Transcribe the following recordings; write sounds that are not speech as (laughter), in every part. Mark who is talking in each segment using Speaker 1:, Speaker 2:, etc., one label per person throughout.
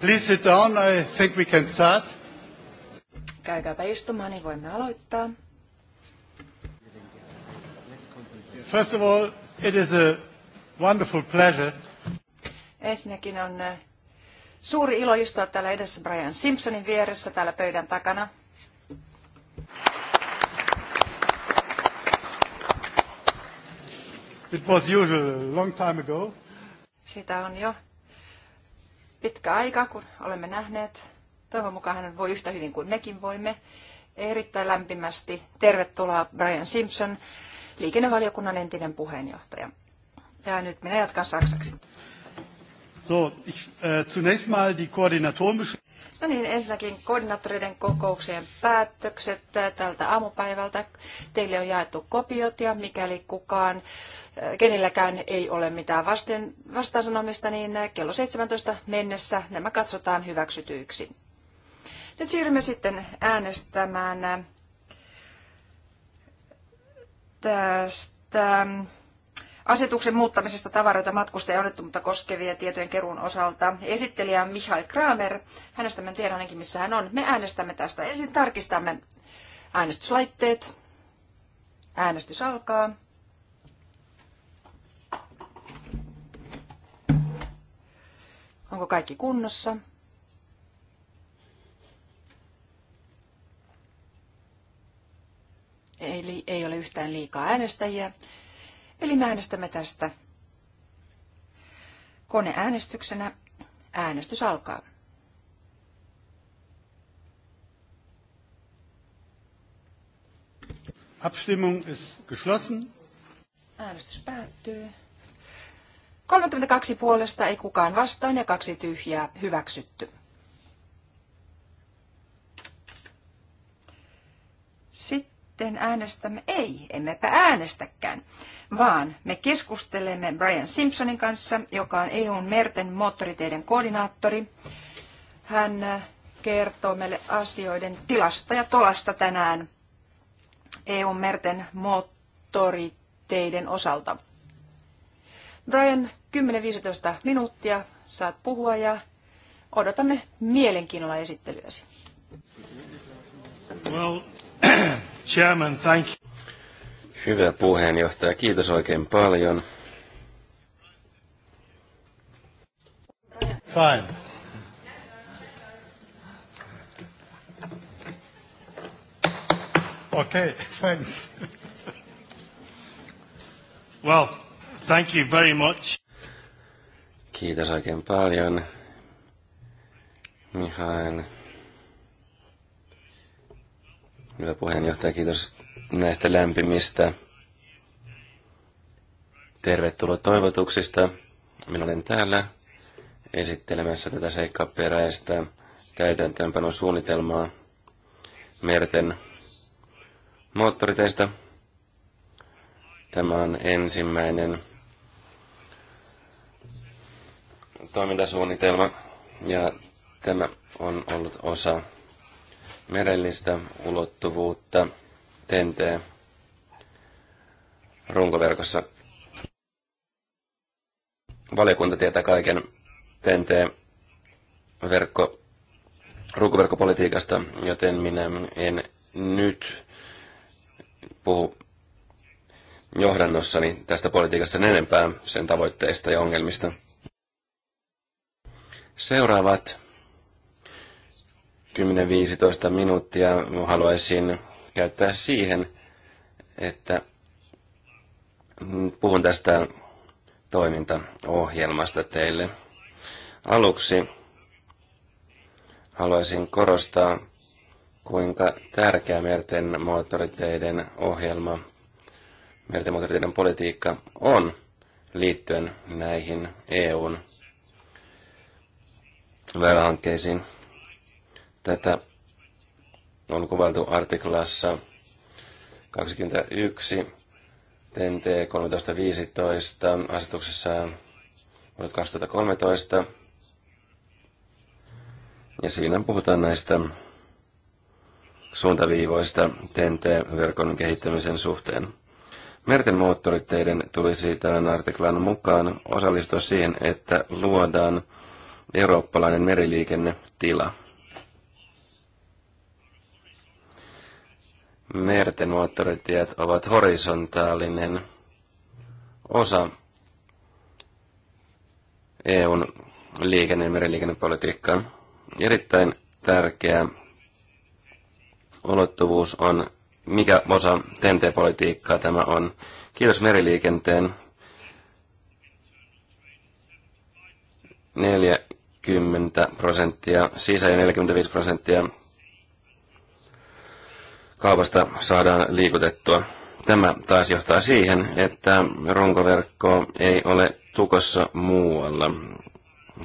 Speaker 1: Please sit down. I think we can start.
Speaker 2: Käykääpä istumaan, niin voimme aloittaa.
Speaker 1: First of all, it is a wonderful pleasure.
Speaker 2: Ensinnäkin on äh, suuri ilo istua täällä edessä Brian Simpsonin vieressä täällä pöydän takana. It was usual a long time ago. Sitä on jo pitkä aika, kun olemme nähneet. Toivon mukaan hän voi yhtä hyvin kuin mekin voimme. Erittäin lämpimästi tervetuloa Brian Simpson, liikennevaliokunnan entinen puheenjohtaja. Ja nyt minä jatkan saksaksi. So, ich, äh, zunächst mal die Koordinatoren. No niin, ensinnäkin koordinaattoreiden kokouksien päätökset äh, tältä aamupäivältä. Teille on jaettu kopiot ja mikäli kukaan kenelläkään ei ole mitään vasten, vastaansanomista, niin kello 17 mennessä nämä katsotaan hyväksytyiksi. Nyt siirrymme sitten äänestämään tästä asetuksen muuttamisesta tavaroita matkusta ja onnettomuutta koskevien tietojen keruun osalta. Esittelijä on Michael Kramer. Hänestä mä tiedän ainakin, missä hän on. Me äänestämme tästä. Ensin tarkistamme äänestyslaitteet. Äänestys alkaa. Onko kaikki kunnossa? Eli ei ole yhtään liikaa äänestäjiä. Eli me äänestämme tästä koneäänestyksenä. Äänestys alkaa.
Speaker 1: Abstimmung ist geschlossen.
Speaker 2: Äänestys päättyy. 32 puolesta ei kukaan vastaan ja kaksi tyhjää hyväksytty. Sitten äänestämme, ei, emmepä äänestäkään, vaan me keskustelemme Brian Simpsonin kanssa, joka on EUn merten moottoriteiden koordinaattori. Hän kertoo meille asioiden tilasta ja tolasta tänään EUn merten moottoriteiden osalta. Brian, 10-15 minuuttia saat puhua ja odotamme mielenkiinnolla esittelyäsi.
Speaker 3: Well, (clears throat) chairman, thank you. Hyvä puheenjohtaja, kiitos oikein paljon. Fine. Okay, (laughs) thanks. Well, thank you very much. Kiitos oikein paljon, Mihail. Hyvä puheenjohtaja, kiitos näistä lämpimistä tervetuloa toivotuksista. Minä olen täällä esittelemässä tätä seikkaperäistä täytäntöönpanosuunnitelmaa merten moottoriteista. Tämä on ensimmäinen toimintasuunnitelma ja tämä on ollut osa merellistä ulottuvuutta TNT runkoverkossa. Valiokunta tietää kaiken TNT verkko runkoverkkopolitiikasta, joten minä en nyt puhu johdannossani tästä politiikasta enempää sen tavoitteista ja ongelmista. Seuraavat 10-15 minuuttia haluaisin käyttää siihen, että puhun tästä toimintaohjelmasta teille. Aluksi haluaisin korostaa, kuinka tärkeä merten moottoriteiden ohjelma, merten moottoriteiden politiikka on liittyen näihin EUn väylähankkeisiin. Tätä on kuvailtu artiklassa 21 TNT 1315 asetuksessa vuodet 2013. Ja siinä puhutaan näistä suuntaviivoista TNT-verkon kehittämisen suhteen. Merten moottoriteiden tulisi tämän artiklan mukaan osallistua siihen, että luodaan eurooppalainen tila. Merten moottoritiet ovat horisontaalinen osa EUn liikenne- ja meriliikennepolitiikkaa. Erittäin tärkeä ulottuvuus on, mikä osa TNT-politiikkaa tämä on. Kiitos meriliikenteen. Neljä 10 prosenttia sisä ja 45 prosenttia kaupasta saadaan liikutettua. Tämä taas johtaa siihen, että runkoverkko ei ole tukossa muualla.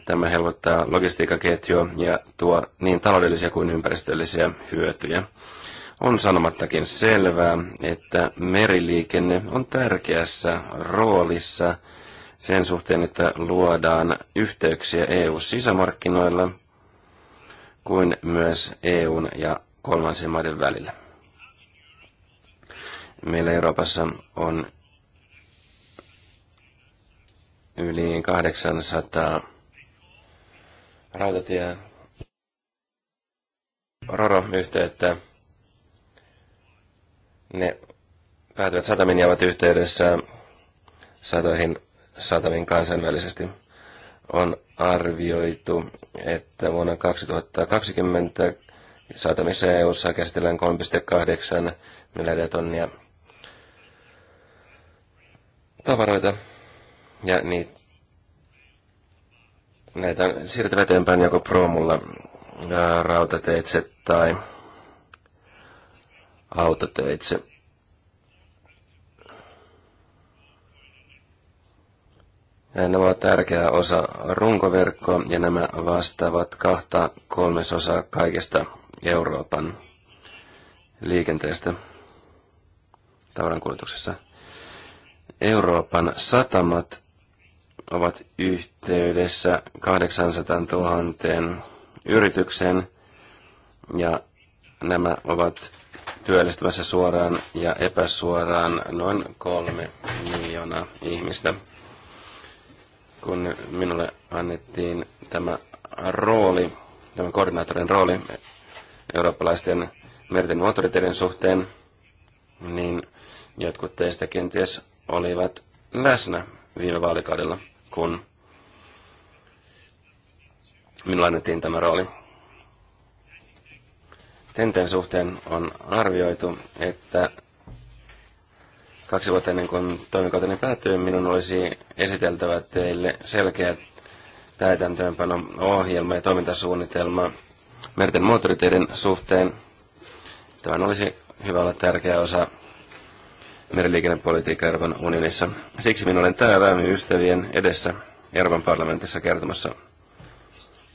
Speaker 3: Tämä helpottaa logistiikkaketjua ja tuo niin taloudellisia kuin ympäristöllisiä hyötyjä. On sanomattakin selvää, että meriliikenne on tärkeässä roolissa – sen suhteen, että luodaan yhteyksiä EU-sisämarkkinoilla kuin myös EUn ja kolmansien maiden välillä. Meillä Euroopassa on yli 800 rautatie Roro-yhteyttä. Ne päätyvät satamin ja ovat yhteydessä satoihin saatavin kansainvälisesti. On arvioitu, että vuonna 2020 saatavissa EU-ssa käsitellään 3,8 miljardia tonnia tavaroita ja niitä näitä on siirrettävä eteenpäin joko promulla rautateitse tai autoteitse. Nämä ovat tärkeä osa runkoverkkoa ja nämä vastaavat kahta kolmesosaa kaikesta Euroopan liikenteestä tavarankuljetuksessa. Euroopan satamat ovat yhteydessä 800 000 yritykseen ja nämä ovat työllistämässä suoraan ja epäsuoraan noin kolme miljoonaa ihmistä kun minulle annettiin tämä rooli, tämä koordinaattorin rooli eurooppalaisten merten moottoriteiden suhteen, niin jotkut teistä kenties olivat läsnä viime vaalikaudella, kun minulle annettiin tämä rooli. Tenteen suhteen on arvioitu, että kaksi vuotta ennen kuin toimikauteni päättyy, minun olisi esiteltävä teille selkeä täytäntöönpano-ohjelma ja toimintasuunnitelma merten moottoriteiden suhteen. Tämä olisi hyvä olla tärkeä osa meriliikennepolitiikkaa Euroopan unionissa. Siksi minä olen täällä ystävien edessä Euroopan parlamentissa kertomassa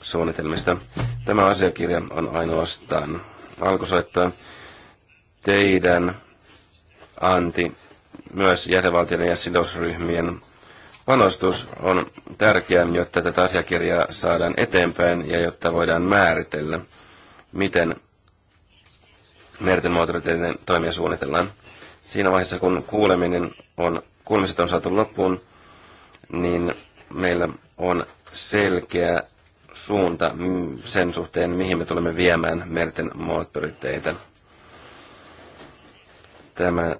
Speaker 3: suunnitelmista. Tämä asiakirja on ainoastaan alkusoittaa teidän anti myös jäsenvaltioiden ja sidosryhmien panostus on tärkeää, jotta tätä asiakirjaa saadaan eteenpäin ja jotta voidaan määritellä, miten merten moottoriteiden toimia suunnitellaan. Siinä vaiheessa, kun kuuleminen on, kuulemiset on saatu loppuun, niin meillä on selkeä suunta sen suhteen, mihin me tulemme viemään merten moottoriteitä. Tämä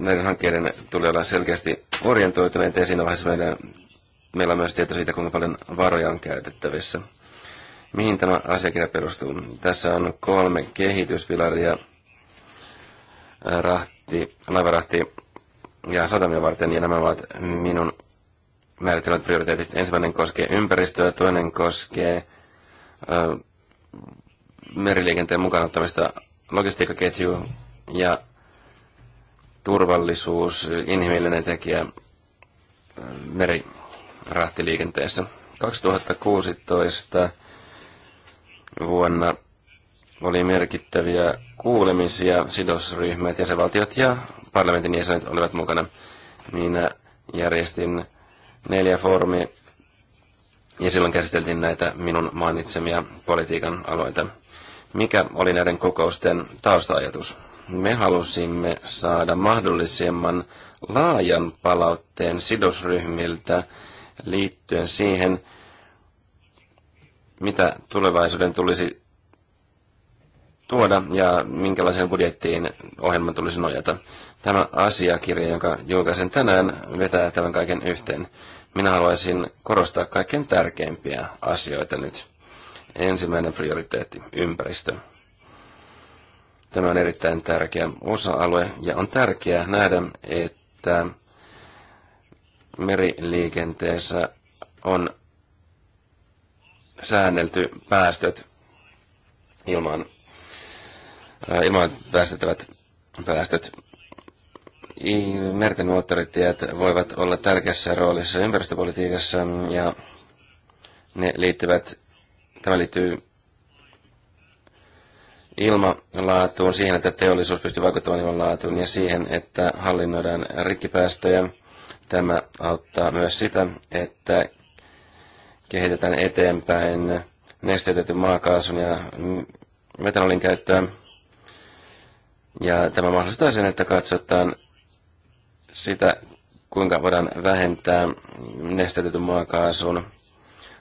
Speaker 3: näiden hankkeiden tulee olla selkeästi orientoituneita ja siinä vaiheessa meidän, meillä on myös tieto siitä, kuinka paljon varoja on käytettävissä. Mihin tämä asiakirja perustuu? Tässä on kolme kehityspilaria rahti, laivarahti ja satamia varten, ja nämä ovat minun määrittelemät prioriteetit. Ensimmäinen koskee ympäristöä, toinen koskee ö, meriliikenteen mukaan ottamista logistiikkaketjuun, ja turvallisuus, inhimillinen tekijä merirahtiliikenteessä. 2016 vuonna oli merkittäviä kuulemisia, sidosryhmät, jäsenvaltiot ja parlamentin jäsenet olivat mukana. Minä järjestin neljä foorumia ja silloin käsiteltiin näitä minun mainitsemia politiikan aloita. Mikä oli näiden kokousten taustaajatus? me halusimme saada mahdollisimman laajan palautteen sidosryhmiltä liittyen siihen, mitä tulevaisuuden tulisi tuoda ja minkälaiseen budjettiin ohjelman tulisi nojata. Tämä asiakirja, jonka julkaisen tänään, vetää tämän kaiken yhteen. Minä haluaisin korostaa kaiken tärkeimpiä asioita nyt. Ensimmäinen prioriteetti, ympäristö. Tämä on erittäin tärkeä osa-alue ja on tärkeää nähdä, että meriliikenteessä on säännelty päästöt ilman ilman päästettävät päästöt. Merten moottoritiet voivat olla tärkeässä roolissa ympäristöpolitiikassa ja ne liittyvät, tämä liittyy ilmalaatuun, siihen, että teollisuus pystyy vaikuttamaan ilmanlaatuun ja siihen, että hallinnoidaan rikkipäästöjä. Tämä auttaa myös sitä, että kehitetään eteenpäin nesteytetyn maakaasun ja metanolin käyttöä. Ja tämä mahdollistaa sen, että katsotaan sitä, kuinka voidaan vähentää nesteytetyn maakaasun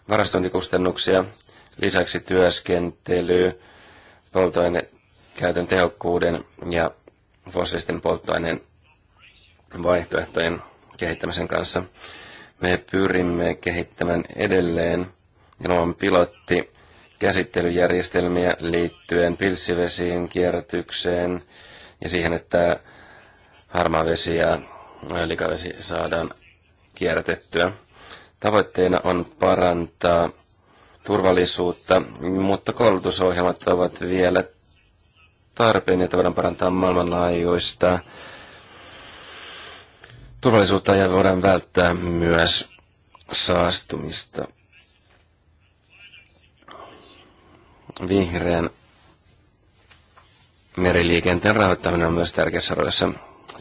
Speaker 3: varastointikustannuksia, lisäksi työskentely, käytön tehokkuuden ja fossiilisten polttoaineen vaihtoehtojen kehittämisen kanssa. Me pyrimme kehittämään edelleen ilman pilotti käsittelyjärjestelmiä liittyen pilsivesiin kierrätykseen ja siihen, että harmaa vesi ja likavesi saadaan kierrätettyä. Tavoitteena on parantaa turvallisuutta, mutta koulutusohjelmat ovat vielä tarpeen, että voidaan parantaa maailmanlaajuista turvallisuutta ja voidaan välttää myös saastumista. Vihreän meriliikenteen rahoittaminen on myös tärkeässä roolissa.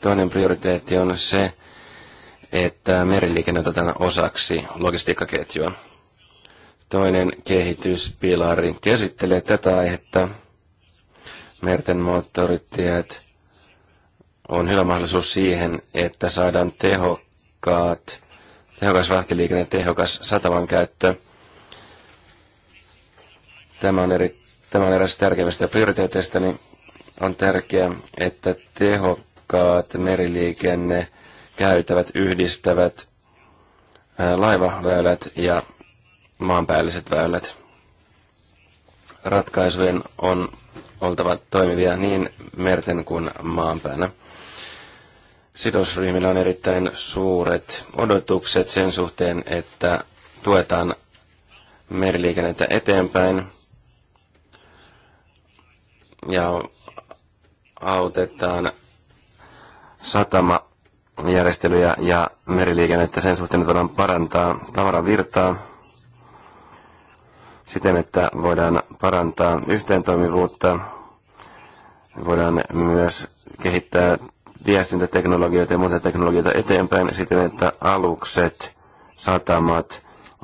Speaker 3: Toinen prioriteetti on se, että meriliikenne otetaan osaksi logistiikkaketjua. Toinen kehityspilari käsittelee tätä aihetta. Merten moottoritiet on hyvä mahdollisuus siihen, että saadaan tehokkaat, tehokas rahtiliikenne, tehokas sataman käyttö. Tämä on, eri, tämä on eräs tärkeimmistä prioriteeteista, niin on tärkeää, että tehokkaat meriliikenne käytävät yhdistävät laivaväylät ja maanpäälliset väylät. Ratkaisujen on oltava toimivia niin merten kuin maanpäänä. Sidosryhmillä on erittäin suuret odotukset sen suhteen, että tuetaan meriliikennettä eteenpäin ja autetaan satamajärjestelyjä ja meriliikennettä sen suhteen, että voidaan parantaa tavaravirtaa siten, että voidaan parantaa yhteentoimivuutta, voidaan myös kehittää viestintäteknologioita ja muita teknologioita eteenpäin siten, että alukset, satamat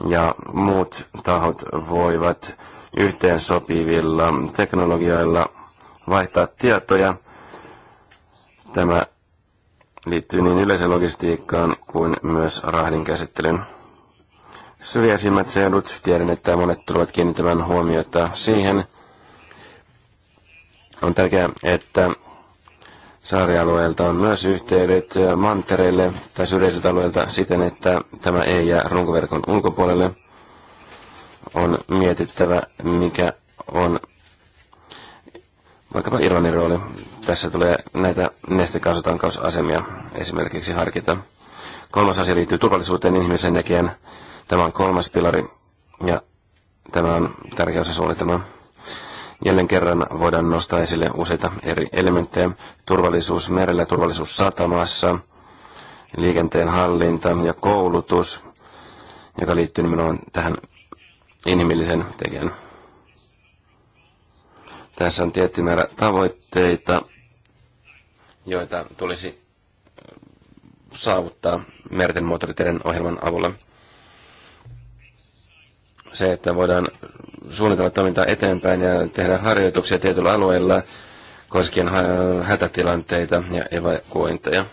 Speaker 3: ja muut tahot voivat sopivilla teknologioilla vaihtaa tietoja. Tämä liittyy niin yleisen logistiikkaan kuin myös rahdin käsittelyyn syrjäisimmät seudut. Tiedän, että monet tulevat kiinnittämään huomiota siihen. On tärkeää, että saarialueelta on myös yhteydet mantereille tai syrjäisiltä alueilta siten, että tämä ei jää runkoverkon ulkopuolelle. On mietittävä, mikä on vaikkapa Irlannin rooli. Tässä tulee näitä nestekaasutankausasemia esimerkiksi harkita. Kolmas asia liittyy turvallisuuteen ihmisen näkijän. Tämä on kolmas pilari ja tämä on tärkeä osa suunnitelmaa. Jälleen kerran voidaan nostaa esille useita eri elementtejä. Turvallisuus merellä, turvallisuus satamassa, liikenteen hallinta ja koulutus, joka liittyy nimenomaan tähän inhimillisen tekijän. Tässä on tietty määrä tavoitteita, joita tulisi saavuttaa merten moottoriteiden ohjelman avulla se, että voidaan suunnitella toimintaa eteenpäin ja tehdä harjoituksia tietyllä alueella koskien hätätilanteita ja evakuointeja.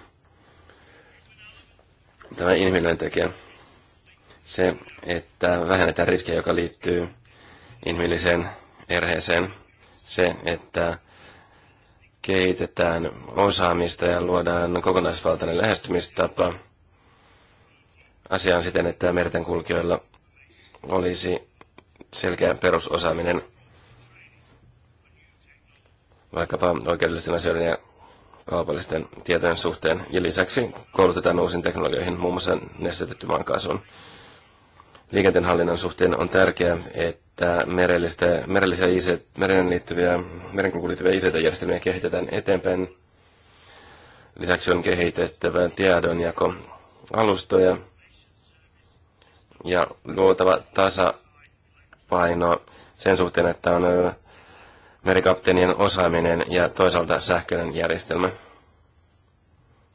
Speaker 3: Tämä inhimillinen tekijä. Se, että vähennetään riskejä, joka liittyy inhimilliseen erheeseen. Se, että kehitetään osaamista ja luodaan kokonaisvaltainen lähestymistapa asiaan siten, että kulkijoilla olisi selkeä perusosaaminen vaikkapa oikeudellisten asioiden ja kaupallisten tietojen suhteen. Ja lisäksi koulutetaan uusiin teknologioihin, muun muassa nestetetty maankaasuun. Liikenteenhallinnan suhteen on tärkeää, että merellistä, merellisiä IC, meren liittyviä, merenkulkuun liittyviä ICT-järjestelmiä kehitetään eteenpäin. Lisäksi on kehitettävä tiedonjako alustoja, ja luotava tasapaino sen suhteen, että on merikapteenien osaaminen ja toisaalta sähköinen järjestelmä,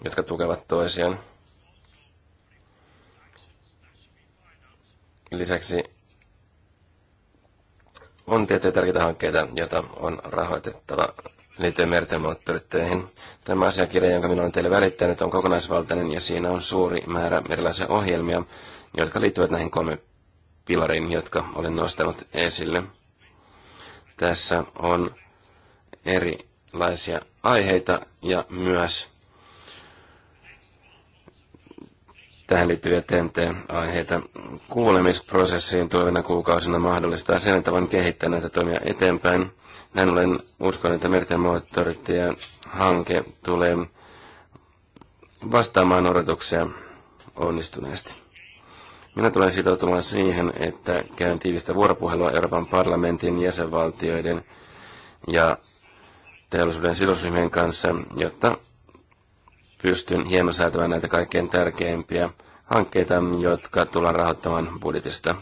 Speaker 3: jotka tukevat toisiaan. Lisäksi on tiettyjä tärkeitä hankkeita, joita on rahoitettava liittyen merten moottoritöihin. Tämä asiakirja, jonka minä olen teille välittänyt, on kokonaisvaltainen ja siinä on suuri määrä erilaisia ohjelmia, jotka liittyvät näihin kolme pilariin, jotka olen nostanut esille. Tässä on erilaisia aiheita ja myös tähän liittyviä TNT-aiheita. Kuulemisprosessiin tulevina kuukausina mahdollistaa sen, että voin kehittää näitä toimia eteenpäin. Näin olen uskon, että merten hanke tulee vastaamaan odotuksia onnistuneesti. Minä tulen sitoutumaan siihen, että käyn tiivistä vuoropuhelua Euroopan parlamentin, jäsenvaltioiden ja teollisuuden sidosryhmien kanssa, jotta pystyn hieman säätämään näitä kaikkein tärkeimpiä hankkeita, jotka tullaan rahoittamaan budjetista.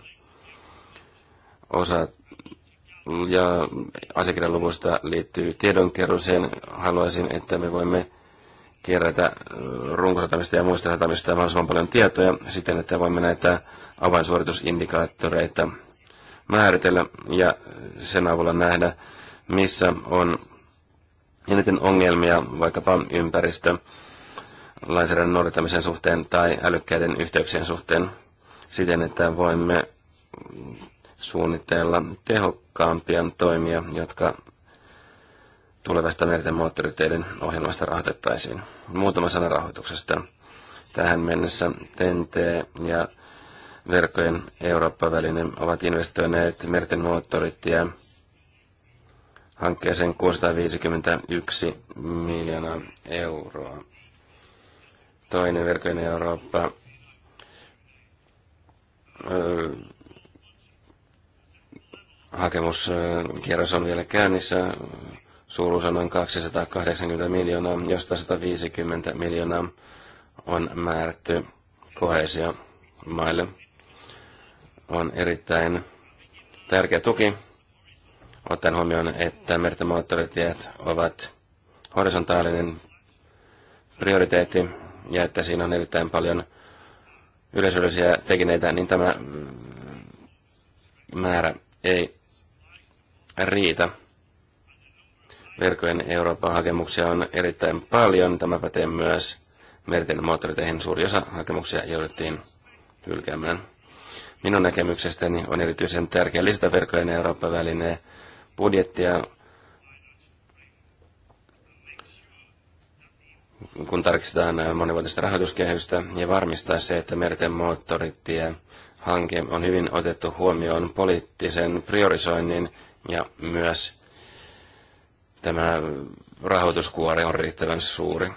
Speaker 3: Osa ja asiakirjan luvusta liittyy tiedonkeruuseen. Haluaisin, että me voimme kerätä äh, runkosatamista ja muista satamista mahdollisimman paljon tietoja siten, että voimme näitä avainsuoritusindikaattoreita määritellä ja sen avulla nähdä, missä on eniten ongelmia vaikkapa ympäristö, lainsäädännön noudattamisen suhteen tai älykkäiden yhteyksien suhteen siten, että voimme suunnitella tehokkaampia toimia, jotka tulevasta merten moottoriteiden ohjelmasta rahoitettaisiin. Muutama sana rahoituksesta. Tähän mennessä TNT ja verkkojen Eurooppa-väline ovat investoineet merten ja hankkeeseen 651 miljoonaa euroa. Toinen verkkojen Eurooppa hakemuskierros on vielä käynnissä. Suuruus on noin 280 miljoonaa, josta 150 miljoonaa on määrätty koheisia maille. On erittäin tärkeä tuki, ottaen huomioon, että merten moottoritiet ovat horisontaalinen prioriteetti ja että siinä on erittäin paljon yleisöllisiä tekineitä, niin tämä määrä ei riitä. Verkojen Euroopan hakemuksia on erittäin paljon. Tämä pätee myös merten moottoriteihin. Suuri osa hakemuksia jouduttiin hylkäämään. Minun näkemyksestäni on erityisen tärkeää lisätä Verkojen Euroopan välineen budjettia kun tarkistetaan monivuotista rahoituskehystä ja varmistaa se, että merten moottoritie hanke on hyvin otettu huomioon poliittisen priorisoinnin ja myös tämä rahoituskuori on riittävän suuri.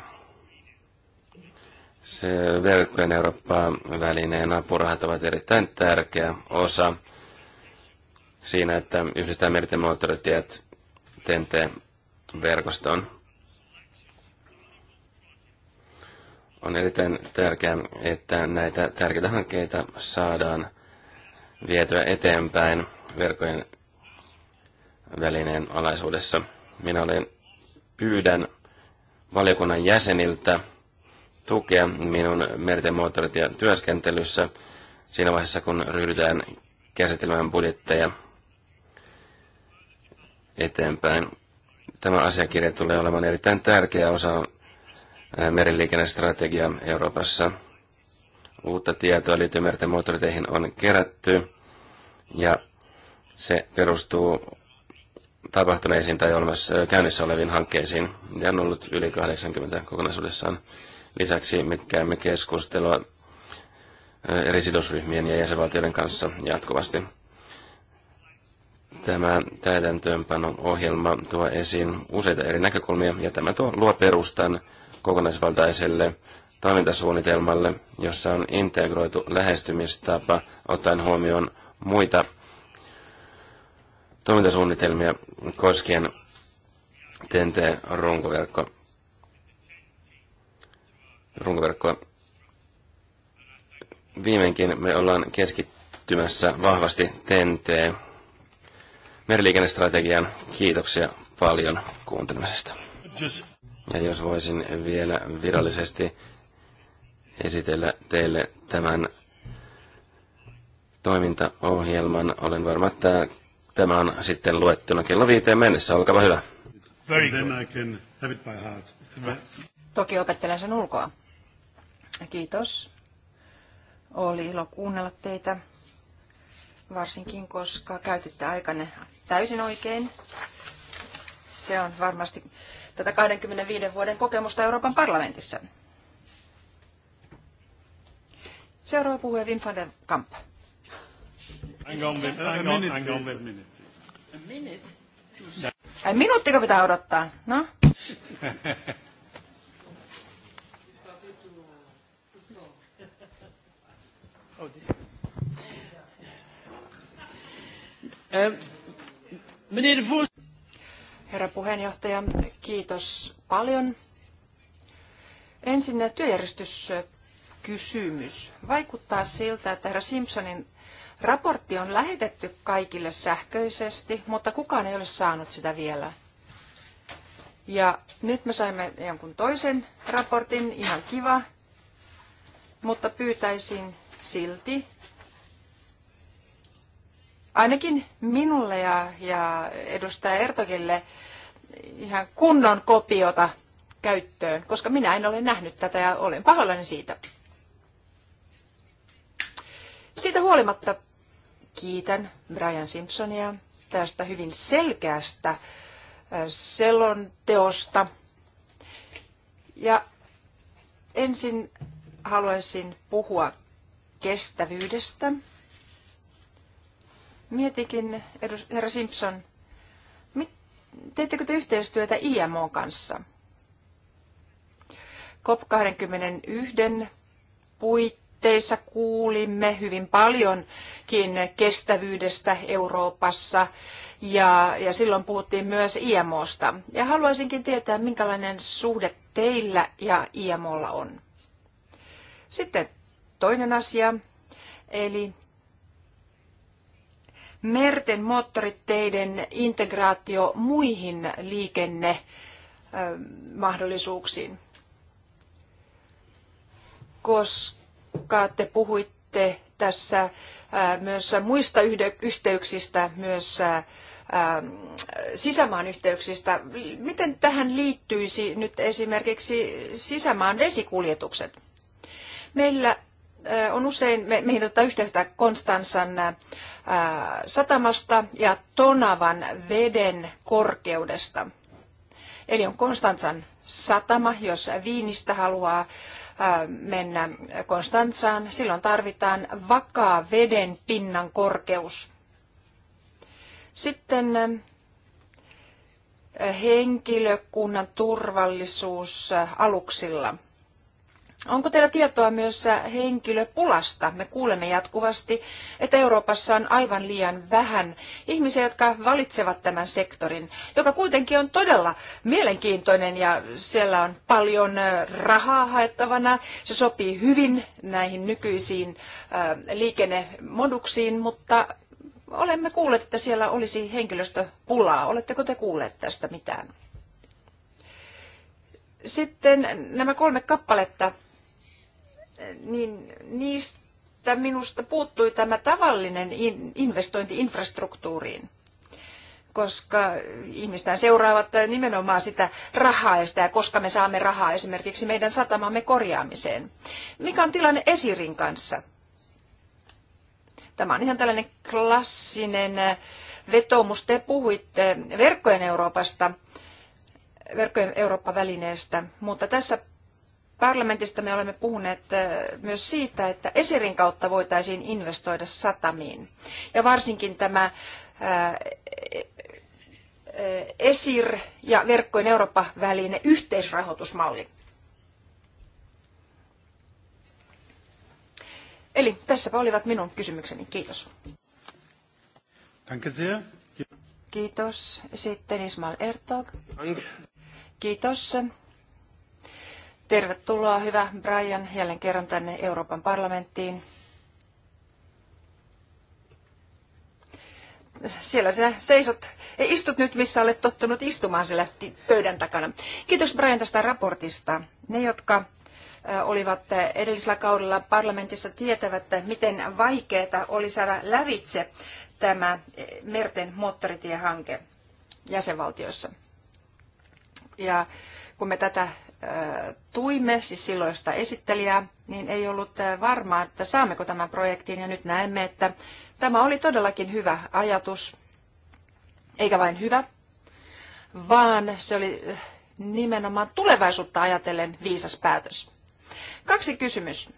Speaker 3: Se verkkojen Eurooppa-välineen apurahat ovat erittäin tärkeä osa siinä, että yhdistetään merit moottoritiet TNT-verkostoon. On erittäin tärkeää, että näitä tärkeitä hankkeita saadaan vietyä eteenpäin verkkojen välineen alaisuudessa – minä olen pyydän valiokunnan jäseniltä tukea minun merten moottoritia työskentelyssä siinä vaiheessa, kun ryhdytään käsittelemään budjetteja eteenpäin. Tämä asiakirja tulee olemaan erittäin tärkeä osa meriliikennestrategiaa Euroopassa. Uutta tietoa liittyen merten moottoriteihin on kerätty ja se perustuu tapahtuneisiin tai olemassa äh, käynnissä oleviin hankkeisiin. Ja on ollut yli 80 kokonaisuudessaan. Lisäksi me käymme keskustelua äh, eri sidosryhmien ja jäsenvaltioiden kanssa jatkuvasti. Tämä täytäntöönpano-ohjelma tuo esiin useita eri näkökulmia ja tämä tuo, luo perustan kokonaisvaltaiselle toimintasuunnitelmalle, jossa on integroitu lähestymistapa ottaen huomioon muita toimintasuunnitelmia koskien TNT-runkoverkkoa. runkoverkkoa. Viimeinkin me ollaan keskittymässä vahvasti TNT meriliikennestrategian. Kiitoksia paljon kuuntelemisesta. Ja jos voisin vielä virallisesti esitellä teille tämän toimintaohjelman. Olen varma, että Tämä on sitten luettuna kello viiteen mennessä. Olkaa hyvä.
Speaker 2: Very good. Toki opettelen sen ulkoa. Kiitos. Oli ilo kuunnella teitä, varsinkin koska käytitte aikanne täysin oikein. Se on varmasti tätä 25 vuoden kokemusta Euroopan parlamentissa. Seuraava puhuja Wim van der Kamp.
Speaker 1: Hang on, hang on, hang on, minute. A minute?
Speaker 2: Ai minuuttiko pitää odottaa? No? (laughs) Oh, um, herra puheenjohtaja, kiitos paljon. Ensin työjärjestyskysymys. Vaikuttaa siltä, että herra Simpsonin Raportti on lähetetty kaikille sähköisesti, mutta kukaan ei ole saanut sitä vielä. Ja nyt me saimme jonkun toisen raportin, ihan kiva, mutta pyytäisin silti ainakin minulle ja, ja edustaja Ertokille ihan kunnon kopiota käyttöön, koska minä en ole nähnyt tätä ja olen pahoillani siitä. Siitä huolimatta kiitän Brian Simpsonia tästä hyvin selkeästä äh, selonteosta. Ja ensin haluaisin puhua kestävyydestä. Mietikin, herra Simpson, teettekö te yhteistyötä IMO kanssa? COP21 puitteissa puitteissa kuulimme hyvin paljonkin kestävyydestä Euroopassa ja, ja silloin puhuttiin myös IMOsta. Ja haluaisinkin tietää, minkälainen suhde teillä ja IMOlla on. Sitten toinen asia, eli merten moottoriteiden integraatio muihin liikennemahdollisuuksiin. Koska koska te puhuitte tässä myös muista yhteyksistä, myös sisämaan yhteyksistä. Miten tähän liittyisi nyt esimerkiksi sisämaan vesikuljetukset? Meillä on usein, me, meihin ottaa yhteyttä Konstansan satamasta ja Tonavan veden korkeudesta. Eli on Konstansan satama, jos Viinistä haluaa mennä Konstantsaan. Silloin tarvitaan vakaa veden pinnan korkeus. Sitten henkilökunnan turvallisuus aluksilla. Onko teillä tietoa myös henkilöpulasta? Me kuulemme jatkuvasti, että Euroopassa on aivan liian vähän ihmisiä, jotka valitsevat tämän sektorin, joka kuitenkin on todella mielenkiintoinen ja siellä on paljon rahaa haettavana. Se sopii hyvin näihin nykyisiin liikennemoduksiin, mutta olemme kuulleet, että siellä olisi henkilöstöpulaa. Oletteko te kuulleet tästä mitään? Sitten nämä kolme kappaletta niin niistä minusta puuttui tämä tavallinen investointi infrastruktuuriin koska ihmistään seuraavat nimenomaan sitä rahaa ja sitä, koska me saamme rahaa esimerkiksi meidän satamamme korjaamiseen. Mikä on tilanne Esirin kanssa? Tämä on ihan tällainen klassinen vetoomus. Te puhuitte verkkojen Euroopasta, verkkojen Eurooppa-välineestä, mutta tässä parlamentista me olemme puhuneet äh, myös siitä, että esirin kautta voitaisiin investoida satamiin. Ja varsinkin tämä äh, ESIR ja verkkojen Euroopan välinen yhteisrahoitusmalli. Eli tässäpä olivat minun kysymykseni. Kiitos. Kiitos. Sitten Ismail Ertog. Kiitos. Tervetuloa, hyvä Brian, jälleen kerran tänne Euroopan parlamenttiin. Siellä sinä seisot, ei istut nyt missä olet tottunut istumaan siellä pöydän takana. Kiitos Brian tästä raportista. Ne, jotka olivat edellisellä kaudella parlamentissa tietävät, että miten vaikeaa oli saada lävitse tämä e, merten moottoritiehanke jäsenvaltioissa. Ja kun me tätä tuimme, siis silloista esittelijää, niin ei ollut äh, varmaa, että saammeko tämän projektin. Ja nyt näemme, että tämä oli todellakin hyvä ajatus, eikä vain hyvä, vaan se oli äh, nimenomaan tulevaisuutta ajatellen viisas päätös. Kaksi kysymys.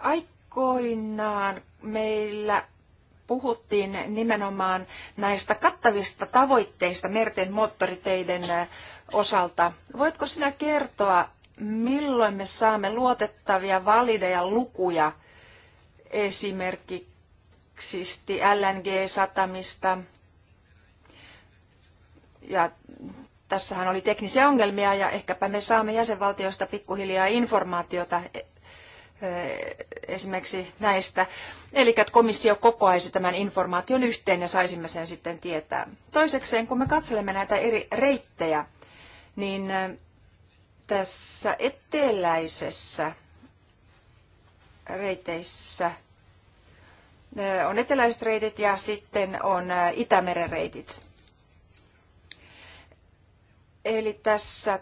Speaker 2: Aikoinaan meillä puhuttiin nimenomaan näistä kattavista tavoitteista merten moottoriteiden osalta. Voitko sinä kertoa, milloin me saamme luotettavia, valideja lukuja esimerkiksi LNG-satamista? Ja tässähän oli teknisiä ongelmia ja ehkäpä me saamme jäsenvaltioista pikkuhiljaa informaatiota Eh, esimerkiksi näistä. Eli että komissio kokoaisi tämän informaation yhteen ja saisimme sen sitten tietää. Toisekseen, kun me katselemme näitä eri reittejä, niin eh, tässä eteläisessä reiteissä eh, on eteläiset reitit ja sitten on Itämeren reitit. Eli tässä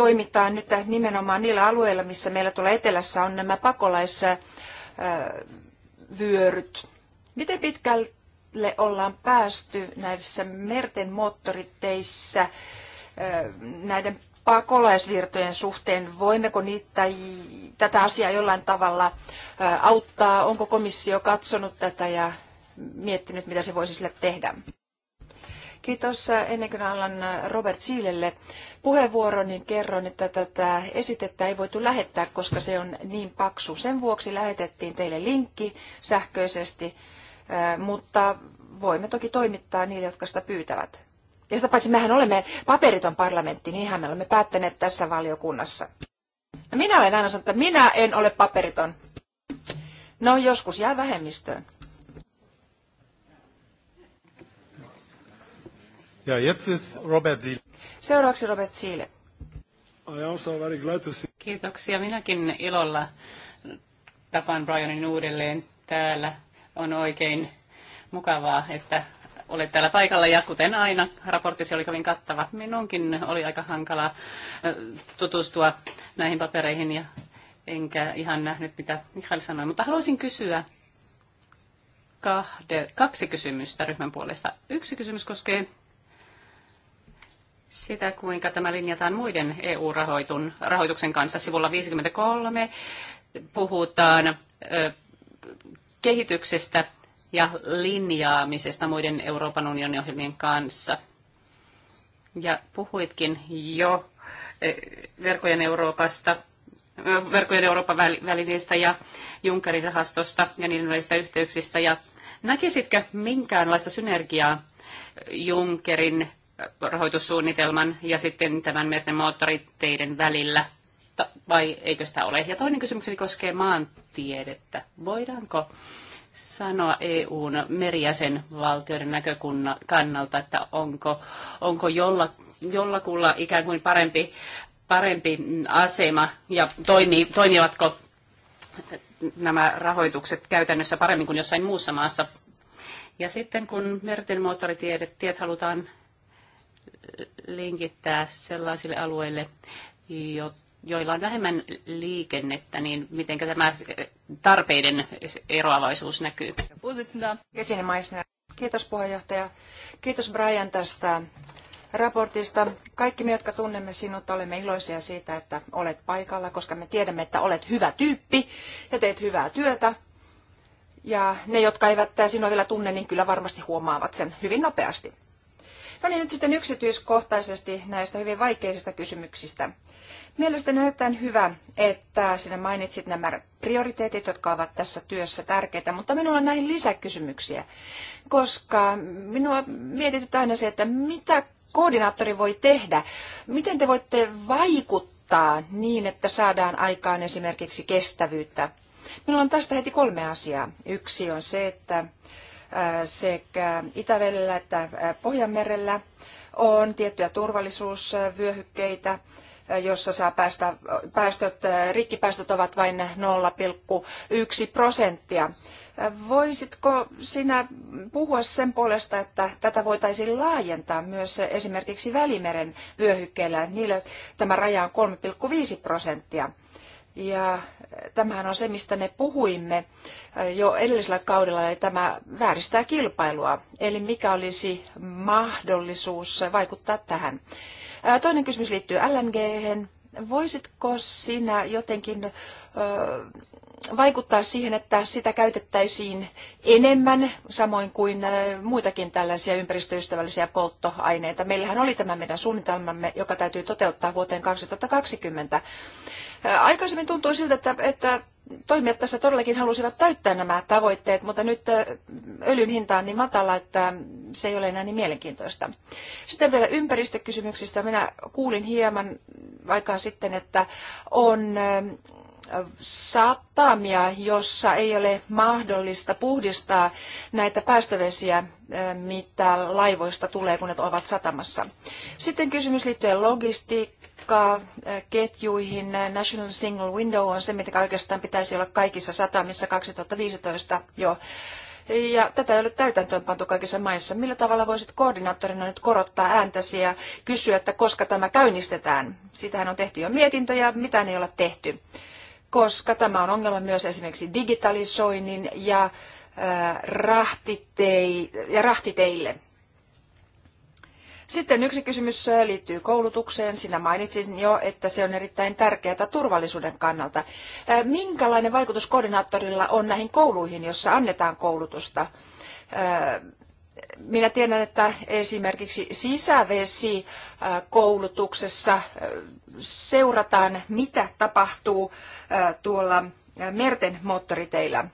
Speaker 2: toimitaan nyt nimenomaan niillä alueilla, missä meillä tuolla etelässä on nämä pakolaisvyöryt. Miten pitkälle ollaan päästy näissä merten moottoriteissä eh, näiden pakolaisvirtojen suhteen? Voimmeko niitä, tätä asiaa jollain tavalla eh, auttaa? Onko komissio katsonut tätä ja miettinyt, mitä se voisi sille tehdä? Kiitos ennen kuin alan Robert Siilelle puheenvuoron, niin kerron, että tätä esitettä ei voitu lähettää, koska se on niin paksu. Sen vuoksi lähetettiin teille linkki sähköisesti, eh, mutta voimme toki toimittaa niille, jotka sitä pyytävät. Ja sitä paitsi mehän olemme paperiton parlamentti, niinhän me olemme päättäneet tässä valiokunnassa. No minä olen aina sanonut, että minä en ole paperiton. No joskus jää vähemmistöön. Ja, jetzt ist Robert Ziel.
Speaker 1: Seuraavaksi Robert Ziele. I also very glad to see. Kiitoksia. Minäkin ilolla tapaan Brianin uudelleen täällä. On oikein mukavaa, että olet täällä paikalla ja kuten aina, raporttisi oli kovin kattava. Minunkin oli aika hankala tutustua näihin papereihin ja enkä ihan nähnyt, mitä Mikael sanoi. Mutta haluaisin kysyä kahde, kaksi kysymystä ryhmän puolesta. Yksi kysymys koskee sitä, kuinka tämä linjataan muiden EU-rahoituksen kanssa. Sivulla 53 puhutaan kehityksestä ja linjaamisesta muiden Euroopan unionin ohjelmien kanssa. Ja puhuitkin jo verkkojen Euroopasta, verkkojen Euroopan välineistä ja Junckerin rahastosta ja niiden välistä yhteyksistä. Ja näkisitkö minkäänlaista synergiaa Junckerin rahoitussuunnitelman ja sitten tämän merten moottoriteiden välillä, vai eikö sitä ole? Ja toinen kysymykseni koskee maantiedettä. Voidaanko sanoa EUn merijäsenvaltioiden näkökunnan kannalta, että onko, onko jolla, jollakulla ikään kuin parempi, parempi asema ja toimi, toimivatko nämä rahoitukset käytännössä paremmin kuin jossain muussa maassa. Ja sitten kun merten moottoritiedet tiet halutaan linkittää sellaisille alueille, joilla on vähemmän liikennettä, niin miten tämä tarpeiden eroavaisuus näkyy?
Speaker 2: Kiitos puheenjohtaja. Kiitos Brian tästä raportista. Kaikki me, jotka tunnemme sinut, olemme iloisia siitä, että olet paikalla, koska me tiedämme, että olet hyvä tyyppi ja teet hyvää työtä. Ja ne, jotka eivät sinua vielä tunne, niin kyllä varmasti huomaavat sen hyvin nopeasti. No niin, nyt sitten yksityiskohtaisesti näistä hyvin vaikeisista kysymyksistä. Mielestäni on erittäin hyvä, että sinä mainitsit nämä prioriteetit, jotka ovat tässä työssä tärkeitä, mutta minulla on näihin lisäkysymyksiä, koska minua mietitytään aina se, että mitä koordinaattori voi tehdä, miten te voitte vaikuttaa niin, että saadaan aikaan esimerkiksi kestävyyttä. Minulla on tästä heti kolme asiaa. Yksi on se, että sekä Itämerellä että Pohjanmerellä on tiettyjä turvallisuusvyöhykkeitä, jossa saa päästä, päästöt, rikkipäästöt ovat vain 0,1 prosenttia. Voisitko sinä puhua sen puolesta, että tätä voitaisiin laajentaa myös esimerkiksi Välimeren vyöhykkeellä? Niillä tämä raja on 3,5 prosenttia. Ja tämähän on se, mistä me puhuimme jo edellisellä kaudella, eli tämä vääristää kilpailua. Eli mikä olisi mahdollisuus vaikuttaa tähän? Toinen kysymys liittyy LNG. -hän. Voisitko sinä jotenkin vaikuttaa siihen, että sitä käytettäisiin enemmän, samoin kuin muitakin tällaisia ympäristöystävällisiä polttoaineita. Meillähän oli tämä meidän suunnitelmamme, joka täytyy toteuttaa vuoteen 2020. Aikaisemmin tuntui siltä, että, että toimijat tässä todellakin halusivat täyttää nämä tavoitteet, mutta nyt öljyn hinta on niin matala, että se ei ole enää niin mielenkiintoista. Sitten vielä ympäristökysymyksistä. Minä kuulin hieman aikaa sitten, että on satamia, jossa ei ole mahdollista puhdistaa näitä päästövesiä, eh, mitä laivoista tulee, kun ne ovat satamassa. Sitten kysymys liittyen logistiikkaan, ketjuihin. National Single Window on se, mitä oikeastaan pitäisi olla kaikissa satamissa 2015 jo. Ja tätä ei ole täytäntöönpantu kaikissa maissa. Millä tavalla voisit koordinaattorina nyt korottaa ääntäsi ja kysyä, että koska tämä käynnistetään? Siitähän on tehty jo mietintöjä, mitä ei ole tehty koska tämä on ongelma myös esimerkiksi digitalisoinnin ja, äh, rahtitei, ja rahtiteille. Sitten yksi kysymys äh, liittyy koulutukseen. Sinä mainitsin jo, että se on erittäin tärkeää turvallisuuden kannalta. Äh, minkälainen vaikutus koordinaattorilla on näihin kouluihin, jossa annetaan koulutusta? minä tiedän, että esimerkiksi sisävesi koulutuksessa seurataan, mitä tapahtuu tuolla merten moottoriteillä.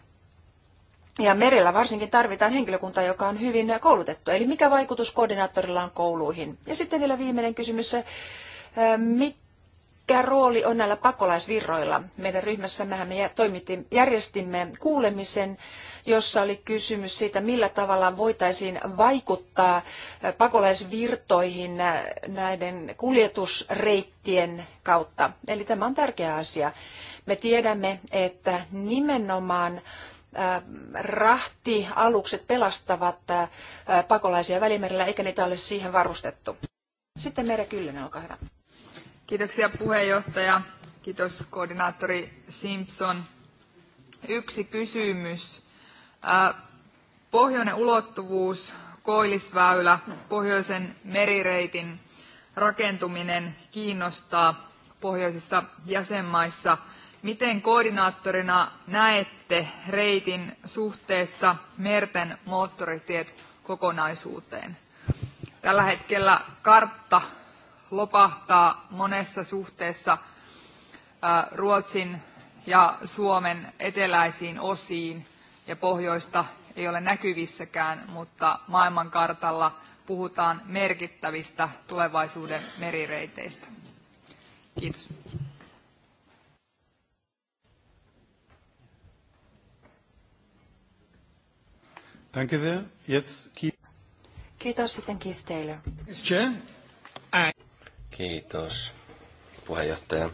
Speaker 2: Ja merellä varsinkin tarvitaan henkilökuntaa, joka on hyvin koulutettu. Eli mikä vaikutus koordinaattorilla on kouluihin? Ja sitten vielä viimeinen kysymys. Mikä rooli on näillä pakolaisvirroilla? Meidän ryhmässämme, me toimitti, järjestimme kuulemisen jossa oli kysymys siitä, millä tavalla voitaisiin vaikuttaa pakolaisvirtoihin näiden kuljetusreittien kautta. Eli tämä on tärkeä asia. Me tiedämme, että nimenomaan rahtialukset pelastavat pakolaisia välimerellä, eikä niitä ole siihen varustettu. Sitten Merja Kyllönen, olkaa hyvä. Kiitoksia puheenjohtaja. Kiitos koordinaattori Simpson. Yksi kysymys Pohjoinen ulottuvuus, koillisväylä, pohjoisen merireitin rakentuminen kiinnostaa pohjoisissa jäsenmaissa. Miten koordinaattorina näette reitin suhteessa merten moottoritiet kokonaisuuteen? Tällä hetkellä kartta lopahtaa monessa suhteessa Ruotsin ja Suomen eteläisiin osiin ja pohjoista ei ole näkyvissäkään, mutta maailmankartalla puhutaan merkittävistä tulevaisuuden merireiteistä. Kiitos. Danke sehr. Jetzt Keith. Kiitos sitten Keith Taylor.
Speaker 3: Kiitos puheenjohtaja.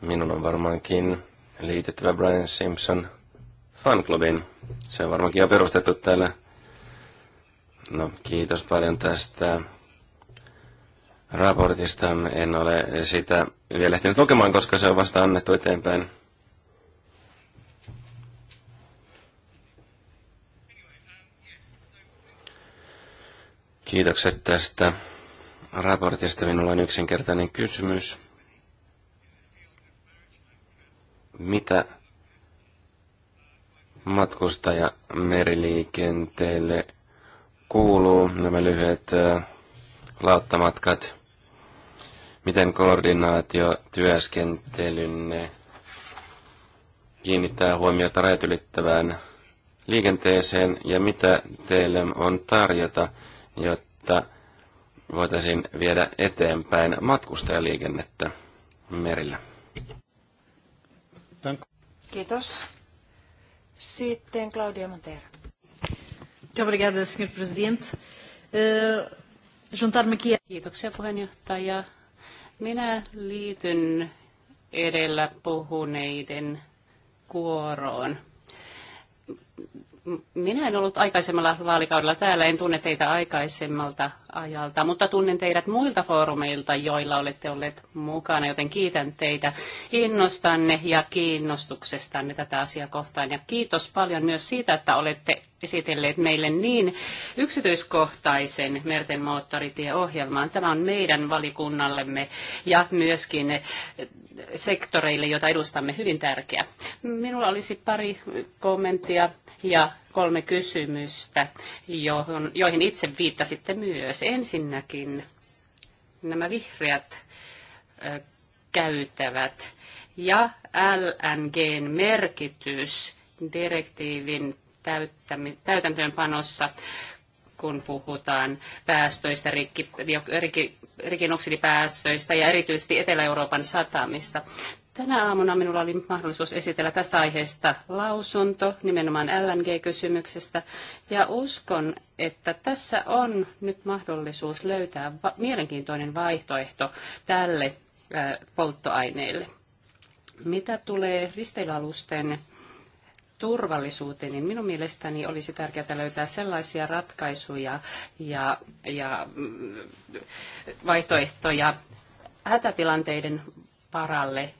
Speaker 3: Minun on varmaankin liitettävä Brian Simpson fanclubin. Se on varmaankin jo perustettu täällä. No, kiitos paljon tästä raportista. En ole sitä vielä ehtinyt lukemaan, koska se on vasta annettu eteenpäin. Kiitokset tästä raportista. Minulla on yksinkertainen kysymys. Mitä matkustaja meriliikenteelle kuuluu nämä lyhyet lauttamatkat? Miten koordinaatio työskentelynne kiinnittää huomiota rajat ylittävään liikenteeseen ja mitä teille on tarjota, jotta voitaisiin viedä eteenpäin matkustajaliikennettä merillä?
Speaker 2: Kiitos. Sitten Claudia
Speaker 1: Montero. Obrigada, senhor presidente. Eh, aqui. Kiitoksia puheenjohtaja. Minä liityn edellä puhuneiden kuoroon. Minä en ollut aikaisemmalla vaalikaudella täällä, en tunne teitä aikaisemmalta ajalta, mutta tunnen teidät muilta foorumeilta, joilla olette olleet mukana, joten kiitän teitä innostanne ja kiinnostuksestanne tätä asiaa kohtaan. Ja kiitos paljon myös siitä, että olette esitelleet meille niin yksityiskohtaisen merten moottoritieohjelman. Tämä on meidän valikunnallemme ja myöskin sektoreille, joita edustamme, hyvin tärkeä. Minulla olisi pari kommenttia ja kolme kysymystä, johon, joihin itse viittasitte myös. Ensinnäkin nämä vihreät käytävät ja LNGn merkitys direktiivin täytäntöönpanossa, kun puhutaan päästöistä, rikki, rikki, rikinoksidipäästöistä ja erityisesti Etelä-Euroopan satamista. Tänä aamuna minulla oli mahdollisuus esitellä tästä aiheesta lausunto, nimenomaan LNG-kysymyksestä, ja uskon, että tässä on nyt mahdollisuus löytää mielenkiintoinen vaihtoehto tälle polttoaineelle. Mitä tulee risteilyalusten turvallisuuteen, niin minun mielestäni olisi tärkeää löytää sellaisia ratkaisuja ja, ja mm, vaihtoehtoja hätätilanteiden varalle,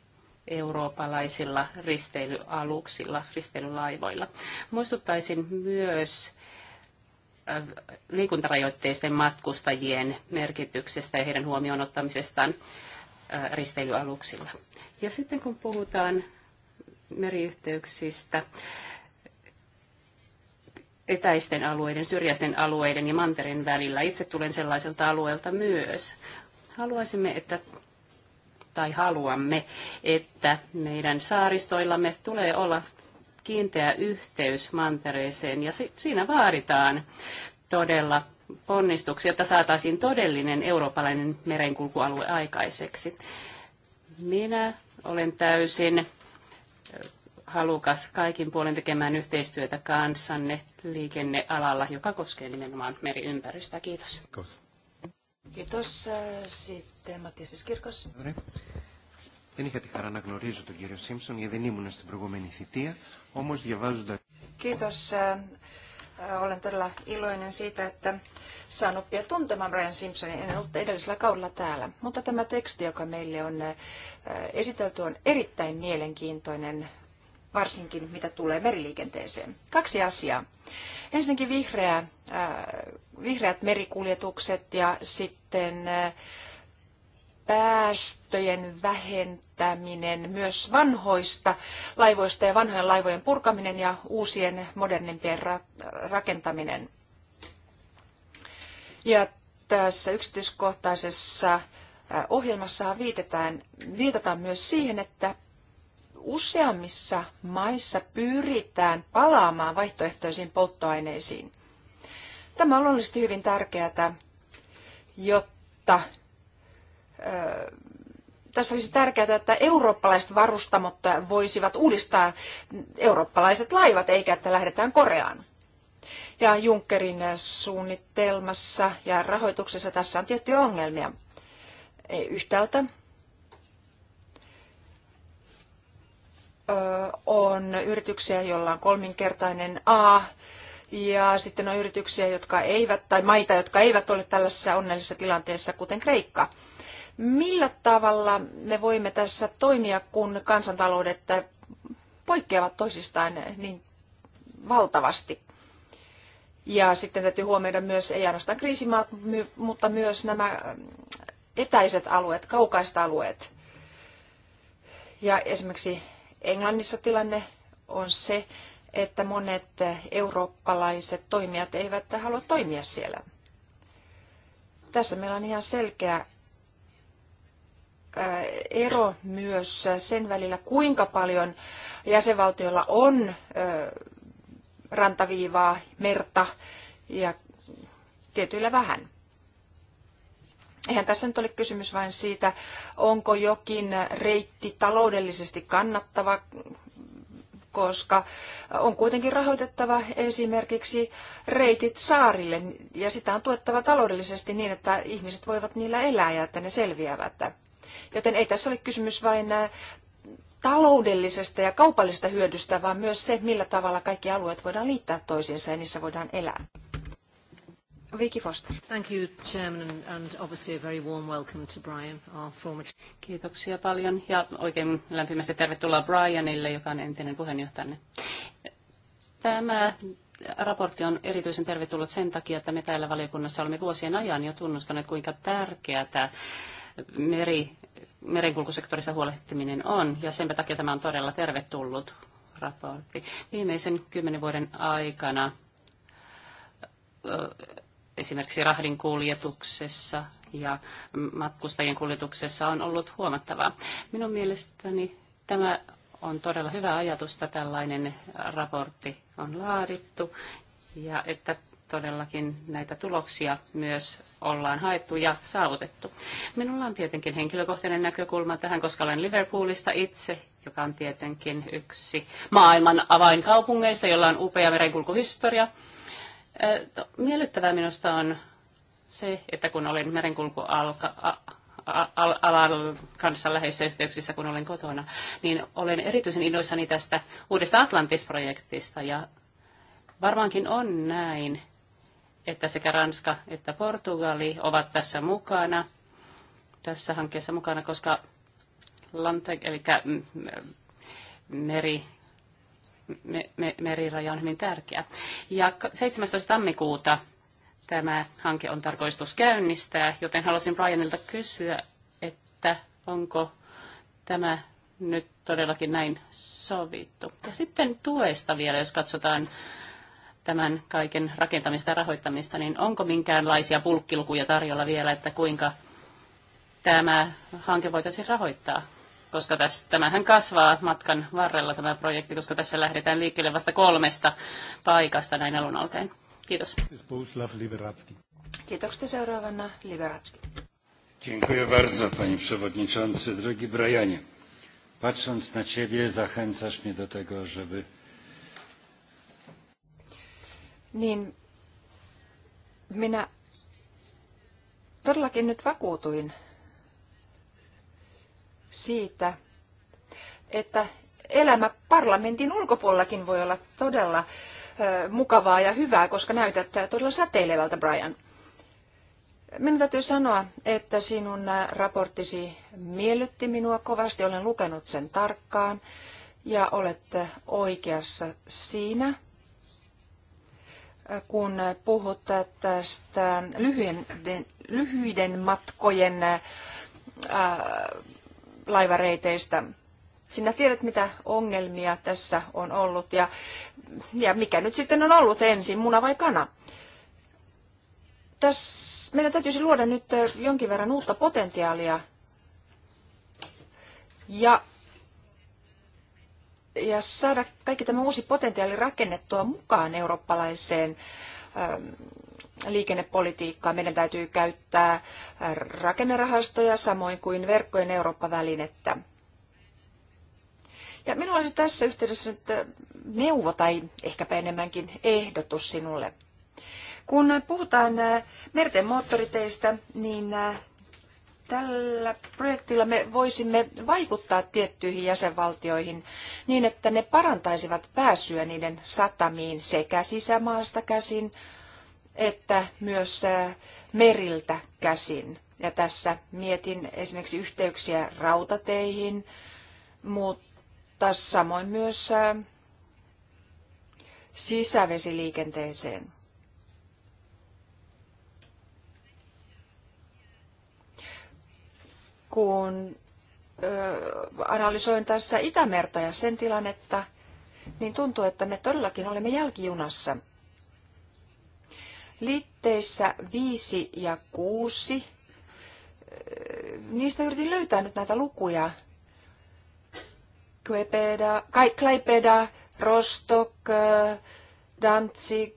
Speaker 1: eurooppalaisilla risteilyaluksilla, risteilylaivoilla. Muistuttaisin myös äh, liikuntarajoitteisten matkustajien merkityksestä ja heidän huomioon ottamisestaan äh, risteilyaluksilla. Ja sitten kun puhutaan meriyhteyksistä, etäisten alueiden, syrjäisten alueiden ja mantereen välillä. Itse tulen sellaiselta alueelta myös. Haluaisimme, että tai haluamme, että meidän saaristoillamme tulee olla kiinteä yhteys mantereeseen ja siinä vaaditaan todella ponnistuksia, jotta saataisiin todellinen eurooppalainen merenkulkualue aikaiseksi. Minä olen täysin halukas kaikin puolin tekemään yhteistyötä kanssanne liikennealalla, joka koskee nimenomaan meriympäristöä. Kiitos. Kiitos. Sitten θέμα Mattias siis Kirkos.
Speaker 3: Δεν είχα τη χαρά να γνωρίζω τον κύριο Σίμψον γιατί δεν ήμουν στην προηγούμενη θητεία, όμως διαβάζοντα...
Speaker 2: Kiitos. Olen todella iloinen siitä, että saan oppia tuntemaan Brian Simpsonin. En ollut edellisellä kaudella täällä, mutta tämä teksti, joka meille on esitelty, on erittäin mielenkiintoinen varsinkin mitä tulee meriliikenteeseen. Kaksi asiaa. Ensinnäkin vihreä, vihreät merikuljetukset ja sitten päästöjen vähentäminen myös vanhoista laivoista ja vanhojen laivojen purkaminen ja uusien modernimpien rakentaminen. Ja tässä yksityiskohtaisessa ohjelmassa viitetään, viitataan myös siihen, että useammissa maissa pyritään palaamaan vaihtoehtoisiin polttoaineisiin. Tämä on luonnollisesti hyvin tärkeää, jotta tässä olisi tärkeää, että eurooppalaiset varustamot voisivat uudistaa eurooppalaiset laivat, eikä että lähdetään Koreaan. Ja Junckerin suunnitelmassa ja rahoituksessa tässä on tiettyjä ongelmia. E, yhtäältä on yrityksiä, joilla on kolminkertainen A, ja sitten on yrityksiä, jotka eivät, tai maita, jotka eivät ole tällaisessa onnellisessa tilanteessa, kuten Kreikka Millä tavalla me voimme tässä toimia, kun kansantaloudet poikkeavat toisistaan niin valtavasti? Ja sitten täytyy huomioida myös ei ainoastaan kriisimaat, mutta myös nämä mm, etäiset alueet, kaukaiset alueet. Ja esimerkiksi Englannissa tilanne on se, että monet eurooppalaiset toimijat eivät halua toimia siellä. Tässä meillä on ihan selkeä ero myös sen välillä, kuinka paljon jäsenvaltioilla on rantaviivaa, merta ja tietyillä vähän. Eihän tässä nyt ole kysymys vain siitä, onko jokin reitti taloudellisesti kannattava, koska on kuitenkin rahoitettava esimerkiksi reitit saarille ja sitä on tuettava taloudellisesti niin, että ihmiset voivat niillä elää ja että ne selviävät. Joten ei tässä ole kysymys vain äh, taloudellisesta ja kaupallisesta hyödystä, vaan myös se, millä tavalla kaikki alueet voidaan liittää toisiinsa ja niissä voidaan elää.
Speaker 1: Vicky Foster. Thank you, Chairman, and obviously a very warm welcome to Brian, our former... Kiitoksia paljon ja oikein lämpimästi tervetuloa Brianille, joka on entinen puheenjohtajanne. Tämä raportti on erityisen tervetullut sen takia, että me täällä valiokunnassa olemme vuosien ajan jo tunnustaneet, kuinka tärkeää meri, merenkulkusektorissa huolehtiminen on, ja sen takia tämä on todella tervetullut raportti. Viimeisen kymmenen vuoden aikana esimerkiksi rahdin kuljetuksessa ja matkustajien kuljetuksessa on ollut huomattavaa. Minun mielestäni tämä on todella hyvä ajatus, että tällainen raportti on laadittu ja että todellakin näitä tuloksia myös ollaan haettu ja saavutettu. Minulla on tietenkin henkilökohtainen näkökulma tähän, koska olen Liverpoolista itse, joka on tietenkin yksi maailman avainkaupungeista, jolla on upea merenkulkuhistoria. Miellyttävää minusta on se, että kun olen alan kanssa läheisissä yhteyksissä, kun olen kotona, niin olen erityisen innoissani tästä uudesta Atlantis-projektista ja varmaankin on näin, että sekä Ranska että Portugali ovat tässä mukana, tässä hankkeessa mukana, koska Lante, eli mm, meri, me, me, meriraja on hyvin tärkeä. Ja 17. tammikuuta tämä hanke on tarkoitus käynnistää, joten haluaisin Brianilta kysyä, että onko tämä nyt todellakin näin sovittu. Ja sitten tuesta vielä, jos katsotaan tämän kaiken rakentamista ja rahoittamista, niin onko minkäänlaisia pulkkilukuja tarjolla vielä, että kuinka tämä hanke voitaisiin rahoittaa? Koska tässä, tämähän kasvaa matkan varrella tämä projekti, koska tässä lähdetään liikkeelle vasta kolmesta paikasta näin alun alkaen. Kiitos. Kiitoksia seuraavana Liberatski.
Speaker 3: Dziękuję bardzo, panie przewodniczący. Drogi Brajanie. patrząc na ciebie, zachęcasz mnie do tego, żeby
Speaker 2: niin minä todellakin nyt vakuutuin siitä, että elämä parlamentin ulkopuolellakin voi olla todella mukavaa ja hyvää, koska näytättää todella säteilevältä, Brian. Minun täytyy sanoa, että sinun raporttisi miellytti minua kovasti. Olen lukenut sen tarkkaan ja olette oikeassa siinä, kun puhut tästä lyhyen, lyhyiden matkojen ää, äh, laivareiteistä. Sinä tiedät, mitä ongelmia tässä on ollut ja, ja mikä nyt sitten on ollut ensin, muna vai kana. Tässä meidän täytyisi luoda nyt äh, jonkin verran uutta potentiaalia ja ja saada kaikki tämä uusi potentiaali rakennettua mukaan eurooppalaiseen ähm, liikennepolitiikkaa. Meidän täytyy käyttää rakennerahastoja samoin kuin verkkojen Eurooppa-välinettä. Ja minulla olisi tässä yhteydessä nyt äh, neuvo tai ehkäpä enemmänkin ehdotus sinulle. Kun puhutaan äh, merten moottoriteistä, niin äh, tällä projektilla me voisimme vaikuttaa tiettyihin jäsenvaltioihin niin, että ne parantaisivat pääsyä niiden satamiin sekä sisämaasta käsin että myös meriltä käsin. Ja tässä mietin esimerkiksi yhteyksiä rautateihin, mutta samoin myös sisävesiliikenteeseen. kun analysoin tässä Itämerta ja sen tilannetta, niin tuntuu, että me todellakin olemme jälkijunassa. Liitteissä 5 ja 6, niistä yritin löytää nyt näitä lukuja. Klaipeda, Rostok, Danzig,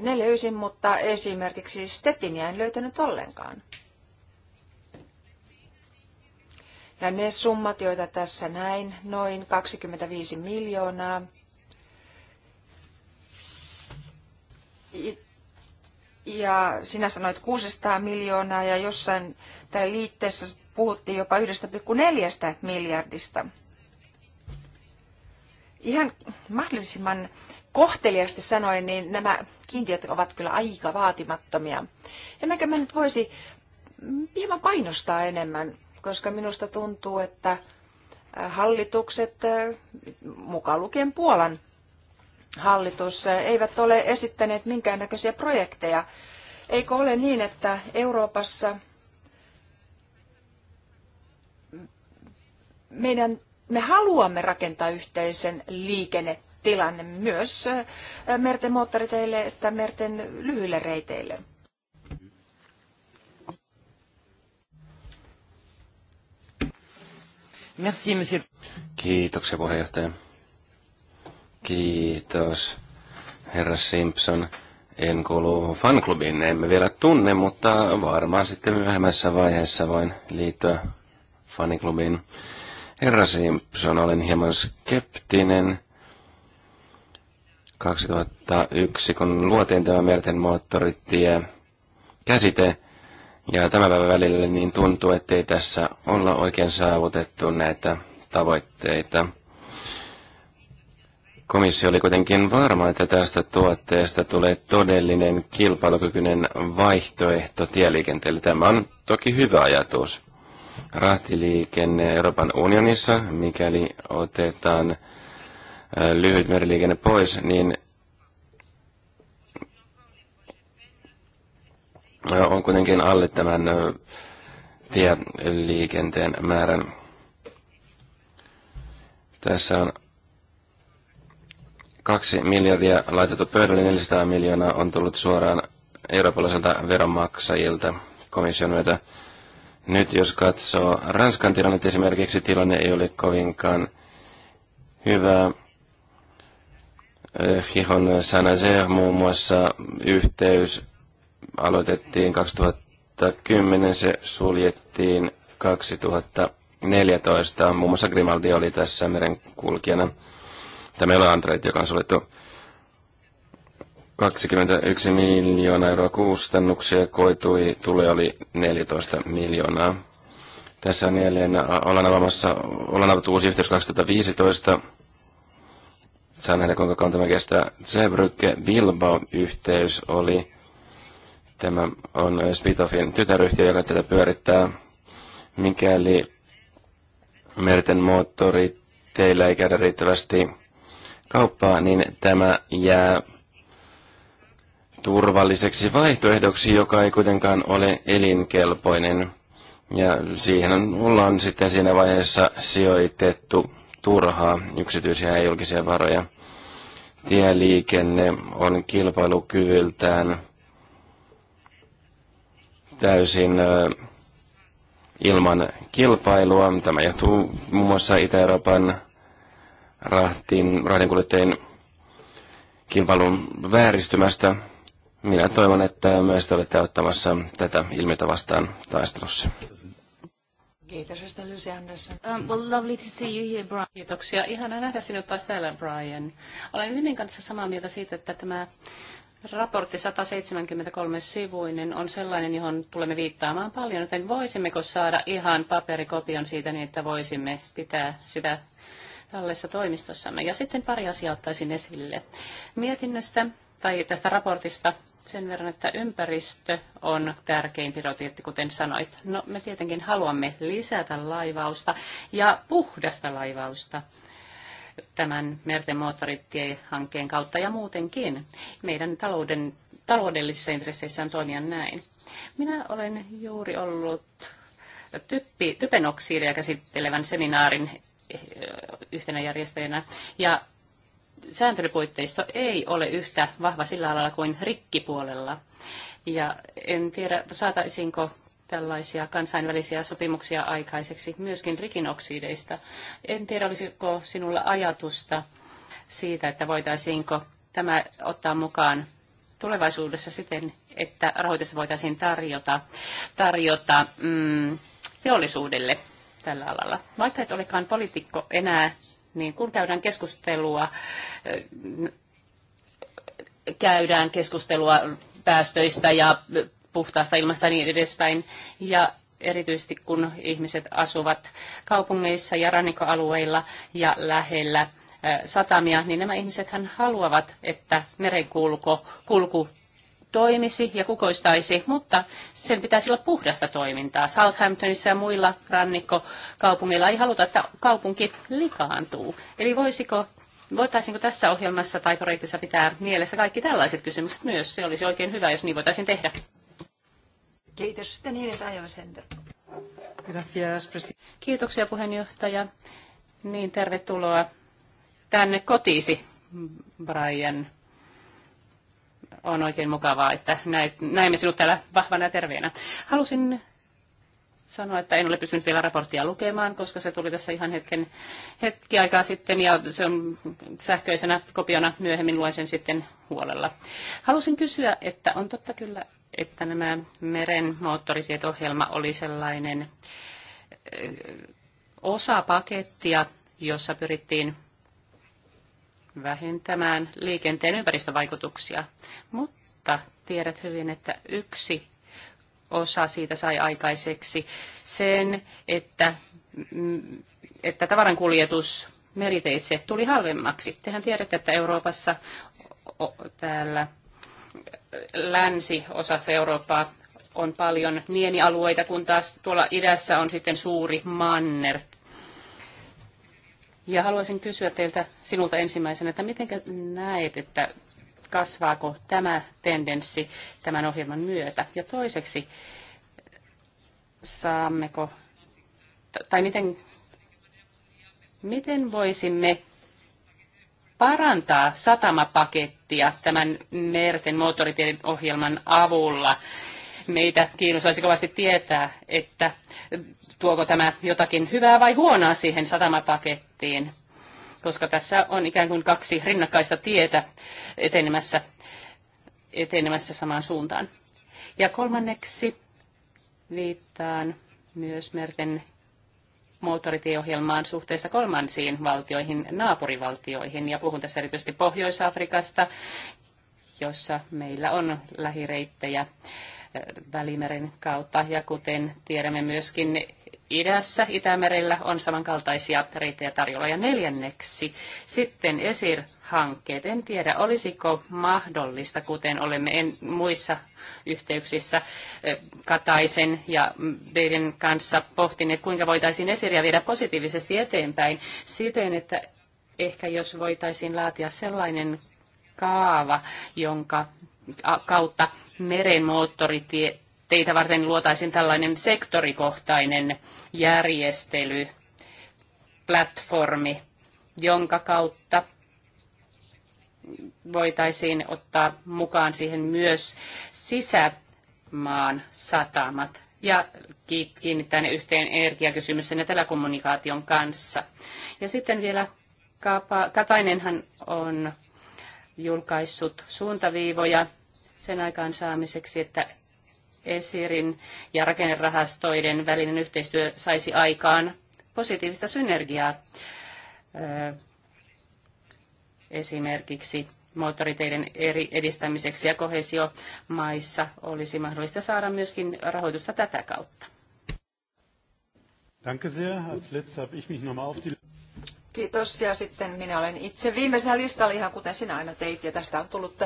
Speaker 2: ne löysin, mutta esimerkiksi Stettiniä en löytänyt ollenkaan. Ja ne summat, joita tässä näin, noin 25 miljoonaa. Ja sinä sanoit 600 miljoonaa ja jossain täällä liitteessä puhuttiin jopa 1,4 miljardista. Ihan mahdollisimman kohteliasti sanoen, niin nämä kiintiöt ovat kyllä aika vaatimattomia. Emmekö mä nyt voisi hieman painostaa enemmän, koska minusta tuntuu, että hallitukset, mukaan lukien Puolan hallitus, eivät ole esittäneet minkäännäköisiä projekteja. Eikö ole niin, että Euroopassa meidän, me haluamme rakentaa yhteisen liikenne tilanne myös merten moottoriteille että merten lyhyille reiteille.
Speaker 1: Merci, monsieur.
Speaker 3: Kiitoksia puheenjohtaja. Kiitos, herra Simpson. En kuulu fanklubiin, emme vielä tunne, mutta varmaan sitten myöhemmässä vaiheessa voin liittyä faniklubiin. Herra Simpson, olen hieman skeptinen 2001, kun luotiin tämä merten moottoritie käsite, ja tämä päivä välillä niin tuntuu, ettei tässä olla oikein saavutettu näitä tavoitteita. Komissio oli kuitenkin varma, että tästä tuotteesta tulee todellinen kilpailukykyinen vaihtoehto tieliikenteelle. Tämä on toki hyvä ajatus. Rahtiliikenne Euroopan unionissa, mikäli otetaan lyhyt meriliikenne pois, niin on kuitenkin alle tämän tieliikenteen määrän. Tässä on kaksi miljardia laitettu pöydälle, 400 miljoonaa on tullut suoraan eurooppalaiselta veronmaksajilta komission myötä. Nyt jos katsoo Ranskan tilannetta esimerkiksi, tilanne ei ole kovinkaan hyvä. Kihon eh, Sanazer muun muassa yhteys aloitettiin 2010, se suljettiin 2014. Muun muassa Grimaldi oli tässä merenkulkijana. Tämä on Android, joka on suljettu 21 miljoonaa euroa kustannuksia, koitui, tule oli 14 miljoonaa. Tässä on jälleen, ollaan avaamassa, ollaan avattu uusi yhteys 2015, Saa nähdä, kuinka kauan tämä kestää. Zebrücke-Bilbao-yhteys oli, tämä on Spitofin tytäryhtiö, joka tätä pyörittää. Mikäli merten moottori teillä ei käydä riittävästi kauppaa, niin tämä jää turvalliseksi vaihtoehdoksi, joka ei kuitenkaan ole elinkelpoinen. Ja siihen on, ollaan sitten siinä vaiheessa sijoitettu turhaa yksityisiä ja julkisia varoja. Tieliikenne on kilpailukyvyltään täysin ilman kilpailua. Tämä johtuu muun muassa Itä-Euroopan rahtin, rahdinkuljettajien kilpailun vääristymästä. Minä toivon, että myös te olette ottamassa tätä ilmiötä vastaan taistelussa.
Speaker 2: Kiitos, että
Speaker 1: Lucy Anderson. Um, well, lovely to see you here, Brian. Kiitoksia. Ihana nähdä sinut taas täällä, Brian. Olen Ymin kanssa samaa mieltä siitä, että tämä raportti 173 sivuinen on sellainen, johon tulemme viittaamaan paljon, joten voisimmeko saada ihan paperikopion siitä niin, että voisimme pitää sitä tallessa toimistossamme. Ja sitten pari asiaa ottaisin esille mietinnöstä tai tästä raportista sen verran, että ympäristö on tärkein pilotietti, kuten sanoit. No, me tietenkin haluamme lisätä laivausta ja puhdasta laivausta tämän merten moottoritiehankkeen kautta ja muutenkin. Meidän talouden, taloudellisissa intresseissä on toimia näin. Minä olen juuri ollut typpi, typenoksidia käsittelevän seminaarin eh, yhtenä järjestäjänä. Ja sääntelypuitteisto ei ole yhtä vahva sillä alalla kuin rikkipuolella. Ja en tiedä, saataisinko tällaisia kansainvälisiä sopimuksia aikaiseksi myöskin rikinoksideista. En tiedä, olisiko sinulla ajatusta siitä, että voitaisiinko tämä ottaa mukaan tulevaisuudessa siten, että rahoitus voitaisiin tarjota, tarjota mm, teollisuudelle tällä alalla. Vaikka et olekaan poliitikko enää, niin kun käydään keskustelua, käydään keskustelua päästöistä ja puhtaasta ilmasta niin edespäin. Ja erityisesti kun ihmiset asuvat kaupungeissa ja rannikkoalueilla ja lähellä satamia, niin nämä ihmiset haluavat, että merenkulku kulku toimisi ja kukoistaisi, mutta sen pitäisi olla puhdasta toimintaa. Southamptonissa ja muilla rannikkokaupungeilla ei haluta, että kaupunki likaantuu. Eli voisiko, voitaisiinko tässä ohjelmassa tai projektissa pitää mielessä kaikki tällaiset kysymykset myös? Se olisi oikein hyvä, jos niin voitaisiin tehdä.
Speaker 2: Kiitos. Sitten Iris ajala
Speaker 1: Kiitoksia puheenjohtaja. Niin, tervetuloa tänne kotiisi, Brian on oikein mukavaa, että näemme sinut täällä vahvana ja terveenä. Halusin sanoa, että en ole pystynyt vielä raporttia lukemaan, koska se tuli tässä ihan hetken, hetki aikaa sitten ja se on sähköisenä kopiona myöhemmin luen sen sitten huolella. Halusin kysyä, että on totta kyllä, että nämä meren moottorisietohjelma oli sellainen osa pakettia, jossa pyrittiin vähentämään liikenteen ympäristövaikutuksia. Mutta tiedät hyvin, että yksi osa siitä sai aikaiseksi sen, että, mm, että tavarankuljetus meriteitse tuli halvemmaksi. Tehän tiedätte, että Euroopassa täällä länsiosassa Eurooppaa on paljon nienialueita, kun taas tuolla idässä on sitten suuri manner ja haluaisin kysyä teiltä sinulta ensimmäisenä, että miten näet, että kasvaako tämä tendenssi tämän ohjelman myötä? Ja toiseksi, saammeko, tai miten, miten voisimme parantaa satamapakettia tämän merten moottoritiedon ohjelman avulla? Meitä kiinnostaisi kovasti tietää, että tuoko tämä jotakin hyvää vai huonoa siihen satamapakettiin, koska tässä on ikään kuin kaksi rinnakkaista tietä etenemässä, etenemässä samaan suuntaan. Ja kolmanneksi viittaan myös merten moottoritieohjelmaan suhteessa kolmansiin valtioihin, naapurivaltioihin. Ja puhun tässä erityisesti Pohjois-Afrikasta, jossa meillä on lähireittejä Välimeren kautta. Ja kuten tiedämme myöskin idässä, Itämerellä on samankaltaisia reittejä tarjolla. Ja neljänneksi sitten ESIR-hankkeet. En tiedä, olisiko mahdollista, kuten olemme en, muissa yhteyksissä eh, Kataisen ja Beiden kanssa pohtineet, kuinka voitaisiin ESIRiä viedä positiivisesti eteenpäin siten, että ehkä jos voitaisiin laatia sellainen kaava, jonka kautta meren teitä varten luotaisiin tällainen sektorikohtainen järjestely, platformi, jonka kautta voitaisiin ottaa mukaan siihen myös sisämaan satamat ja kiinnittää ne yhteen energiakysymysten ja telekommunikaation kanssa. Ja sitten vielä Katainenhan on julkaissut suuntaviivoja sen aikaansaamiseksi, että ESIRin ja rakennerahastoiden välinen yhteistyö saisi aikaan positiivista synergiaa esimerkiksi moottoriteiden eri edistämiseksi ja kohesiomaissa olisi mahdollista saada myöskin rahoitusta tätä kautta.
Speaker 2: Kiitos ja sitten minä olen itse viimeisenä listalla ihan kuten sinä aina teit ja tästä on tullut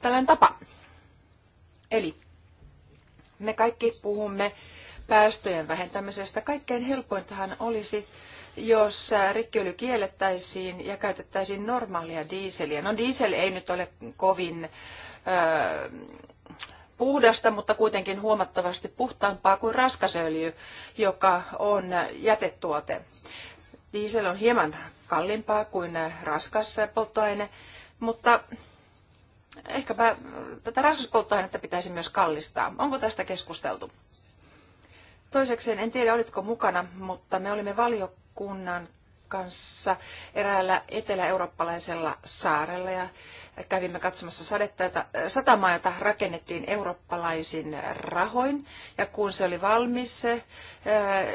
Speaker 2: tällainen tapa. Eli me kaikki puhumme päästöjen vähentämisestä. Kaikkein helpointahan olisi, jos rikkiöljy kiellettäisiin ja käytettäisiin normaalia diiseliä. No diesel ei nyt ole kovin öö, puhdasta, mutta kuitenkin huomattavasti puhtaampaa kuin raskasöljy, joka on jätetuote. Diesel on hieman kalliimpaa kuin raskas polttoaine, mutta ehkäpä tätä raskaspolttoainetta pitäisi myös kallistaa. Onko tästä keskusteltu? Toiseksi en tiedä olitko mukana, mutta me olimme valiokunnan kanssa eräällä etelä-eurooppalaisella saarella ja kävimme katsomassa sadetta, jota, satamaa, jota rakennettiin eurooppalaisin rahoin. Ja kun se oli valmis, se, eh,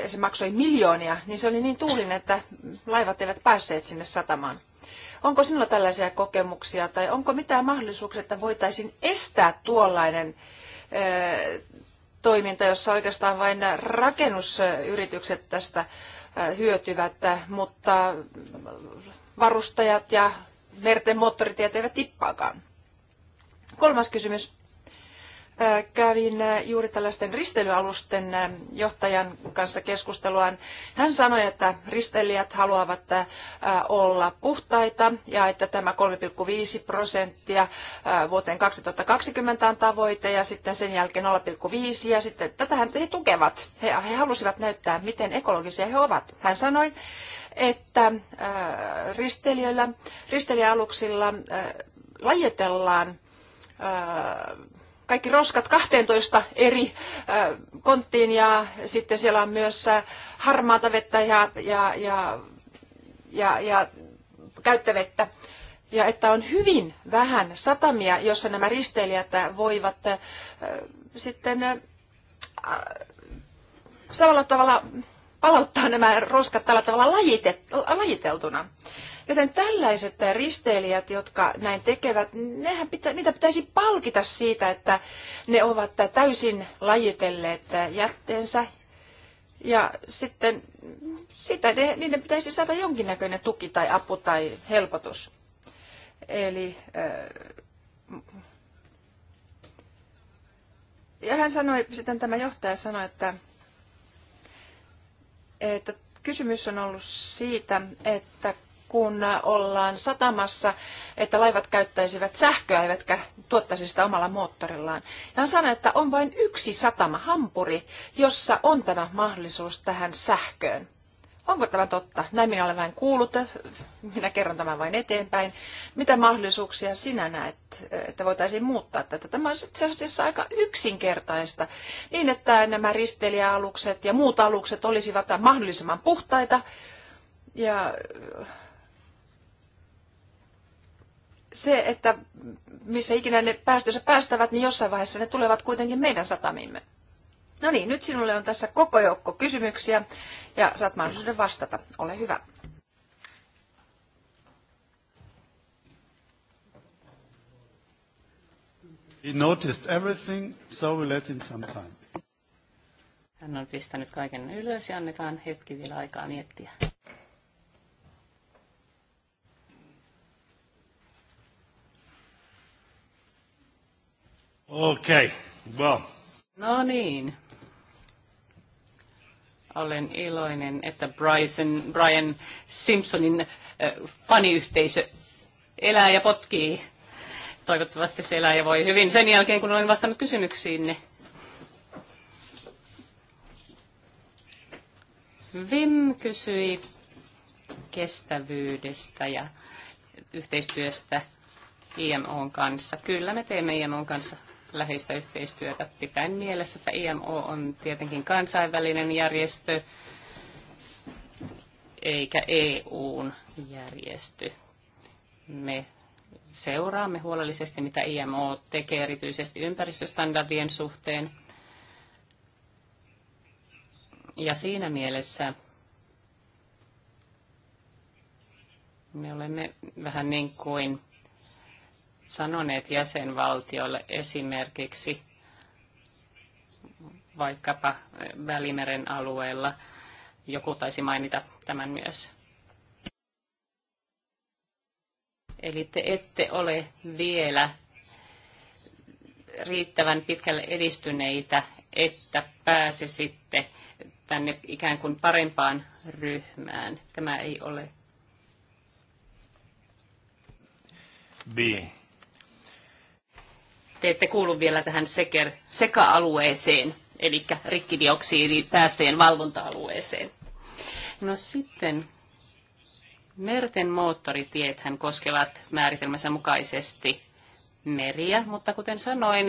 Speaker 2: se maksoi miljoonia, niin se oli niin tuulinen, että laivat eivät päässeet sinne satamaan. Onko sinulla tällaisia kokemuksia tai onko mitään mahdollisuuksia, että voitaisiin estää tuollainen toiminta, jossa oikeastaan vain rakennusyritykset tästä hyötyvät, mutta varustajat ja merten moottoritiet eivät tippaakaan. Kolmas kysymys kävin äh, juuri tällaisten risteilyalusten äh, johtajan kanssa keskustelua. Hän sanoi, että risteilijät haluavat äh, olla puhtaita ja että tämä 3,5 prosenttia vuoteen 2020 on tavoite ja sitten sen jälkeen 0,5 ja sitten tätähän he tukevat. He, he halusivat näyttää, miten ekologisia he ovat. Hän sanoi, että risteilijäaluksilla lajetellaan kaikki roskat 12 eri konttiin ja sitten siellä on myös harmaata vettä ja, ja, ja, ja, ja käyttövettä. Ja että on hyvin vähän satamia, jossa nämä risteilijät voivat sitten samalla tavalla palauttaa nämä roskat tällä tavalla lajiteltuna. Joten tällaiset risteilijät, jotka näin tekevät, nehän pitä, niitä pitäisi palkita siitä, että ne ovat täysin lajitelleet jätteensä. Ja sitten sitä ne, niiden pitäisi saada jonkinnäköinen tuki tai apu tai helpotus. Eli ja hän sanoi, sitten tämä johtaja sanoi, että, että kysymys on ollut siitä, että kun ollaan satamassa, että laivat käyttäisivät sähköä eivätkä tuottaisi sitä omalla moottorillaan. Ja hän sanoi, että on vain yksi satama, Hampuri, jossa on tämä mahdollisuus tähän sähköön. Onko tämä totta? Näin minä olen vain kuullut. Minä kerron tämän vain eteenpäin. Mitä mahdollisuuksia sinä näet, että voitaisiin muuttaa tätä? Tämä on itse asiassa aika yksinkertaista, niin että nämä risteilijäalukset ja muut alukset olisivat mahdollisimman puhtaita ja se, että missä ikinä ne päästössä päästävät, niin jossain vaiheessa ne tulevat kuitenkin meidän satamimme. No niin, nyt sinulle on tässä koko joukko kysymyksiä ja saat mahdollisuuden vastata. Ole hyvä.
Speaker 1: He noticed everything, so we let him some time. Hän on pistänyt kaiken ylös ja annetaan hetki vielä aikaa miettiä.
Speaker 3: Okei, okay. well.
Speaker 1: No niin. Olen iloinen, että Bryson, Brian Simpsonin äh, faniyhteisö elää ja potkii. Toivottavasti se elää ja voi hyvin sen jälkeen, kun olen vastannut kysymyksiinne. Vim kysyi kestävyydestä ja yhteistyöstä IMOn kanssa. Kyllä me teemme IMOn kanssa läheistä yhteistyötä pitäen mielessä, että IMO on tietenkin kansainvälinen järjestö eikä EUn järjestö. Me seuraamme huolellisesti, mitä IMO tekee erityisesti ympäristöstandardien suhteen. Ja siinä mielessä me olemme vähän niin kuin sanoneet jäsenvaltioille esimerkiksi vaikkapa Välimeren alueella. Joku taisi mainita tämän myös. Eli te ette ole vielä riittävän pitkälle edistyneitä, että pääsisitte tänne ikään kuin parempaan ryhmään. Tämä ei ole. B te ette kuulu vielä tähän seker, seka-alueeseen, eli rikkidioksidipäästöjen valvonta-alueeseen. No sitten merten moottoritiethän koskevat määritelmänsä mukaisesti meriä, mutta kuten sanoin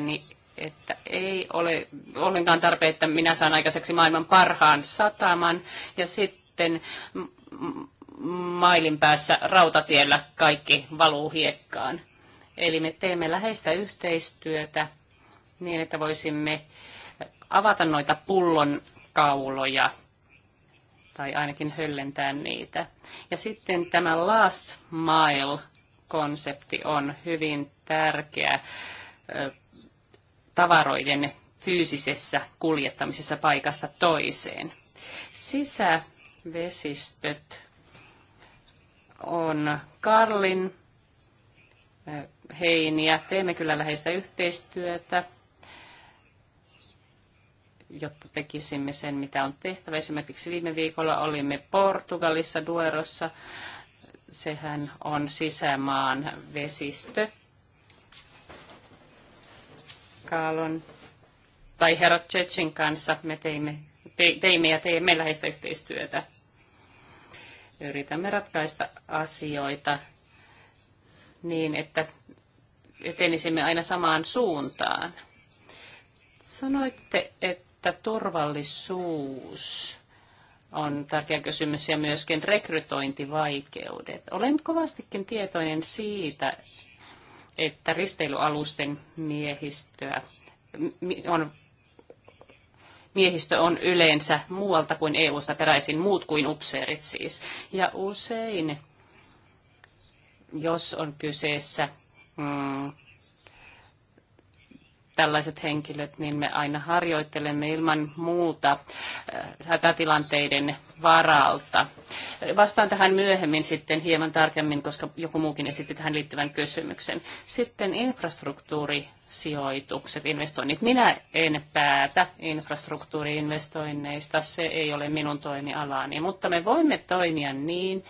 Speaker 1: niin, että ei ole ollenkaan tarpeen, että minä saan aikaiseksi maailman parhaan sataman ja sitten mailin päässä rautatiellä kaikki valuu hiekkaan. Eli me teemme läheistä yhteistyötä niin, että voisimme avata noita pullon kauloja tai ainakin höllentää niitä. Ja sitten tämä last mile-konsepti on hyvin tärkeä tavaroiden fyysisessä kuljettamisessa paikasta toiseen. Sisävesistöt on Karlin heiniä. Teemme kyllä läheistä yhteistyötä, jotta tekisimme sen, mitä on tehtävä. Esimerkiksi viime viikolla olimme Portugalissa Duerossa. Sehän on sisämaan vesistö. Kaalon tai Herra Churchin kanssa me teimme, te, teimme ja teemme läheistä yhteistyötä. Yritämme ratkaista asioita niin, että etenisimme aina samaan suuntaan. Sanoitte, että turvallisuus on tärkeä kysymys ja myöskin rekrytointivaikeudet. Olen kovastikin tietoinen siitä, että risteilyalusten miehistöä on miehistö on yleensä muualta kuin EU-sta peräisin, muut kuin upseerit siis. Ja usein jos on kyseessä mm, tällaiset henkilöt, niin me aina harjoittelemme ilman muuta äh, hätätilanteiden varalta. Vastaan tähän myöhemmin sitten hieman tarkemmin, koska joku muukin esitti tähän liittyvän kysymyksen. Sitten infrastruktuurisijoitukset, investoinnit. Minä en päätä infrastruktuuriinvestoinneista, se ei ole minun toimialani, mutta me voimme toimia niin,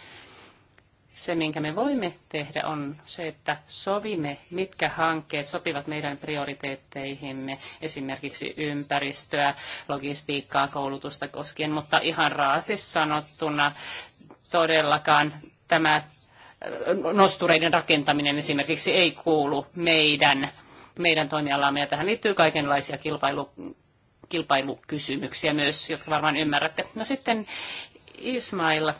Speaker 1: se, minkä me voimme tehdä, on se, että sovimme, mitkä hankkeet sopivat meidän prioriteetteihimme, esimerkiksi ympäristöä, logistiikkaa, koulutusta koskien, mutta ihan raasti sanottuna todellakaan tämä äh, nostureiden rakentaminen esimerkiksi ei kuulu meidän, meidän toimialaamme ja tähän liittyy kaikenlaisia kilpailu, kilpailukysymyksiä myös, jotka varmaan ymmärrätte. No sitten Ismail,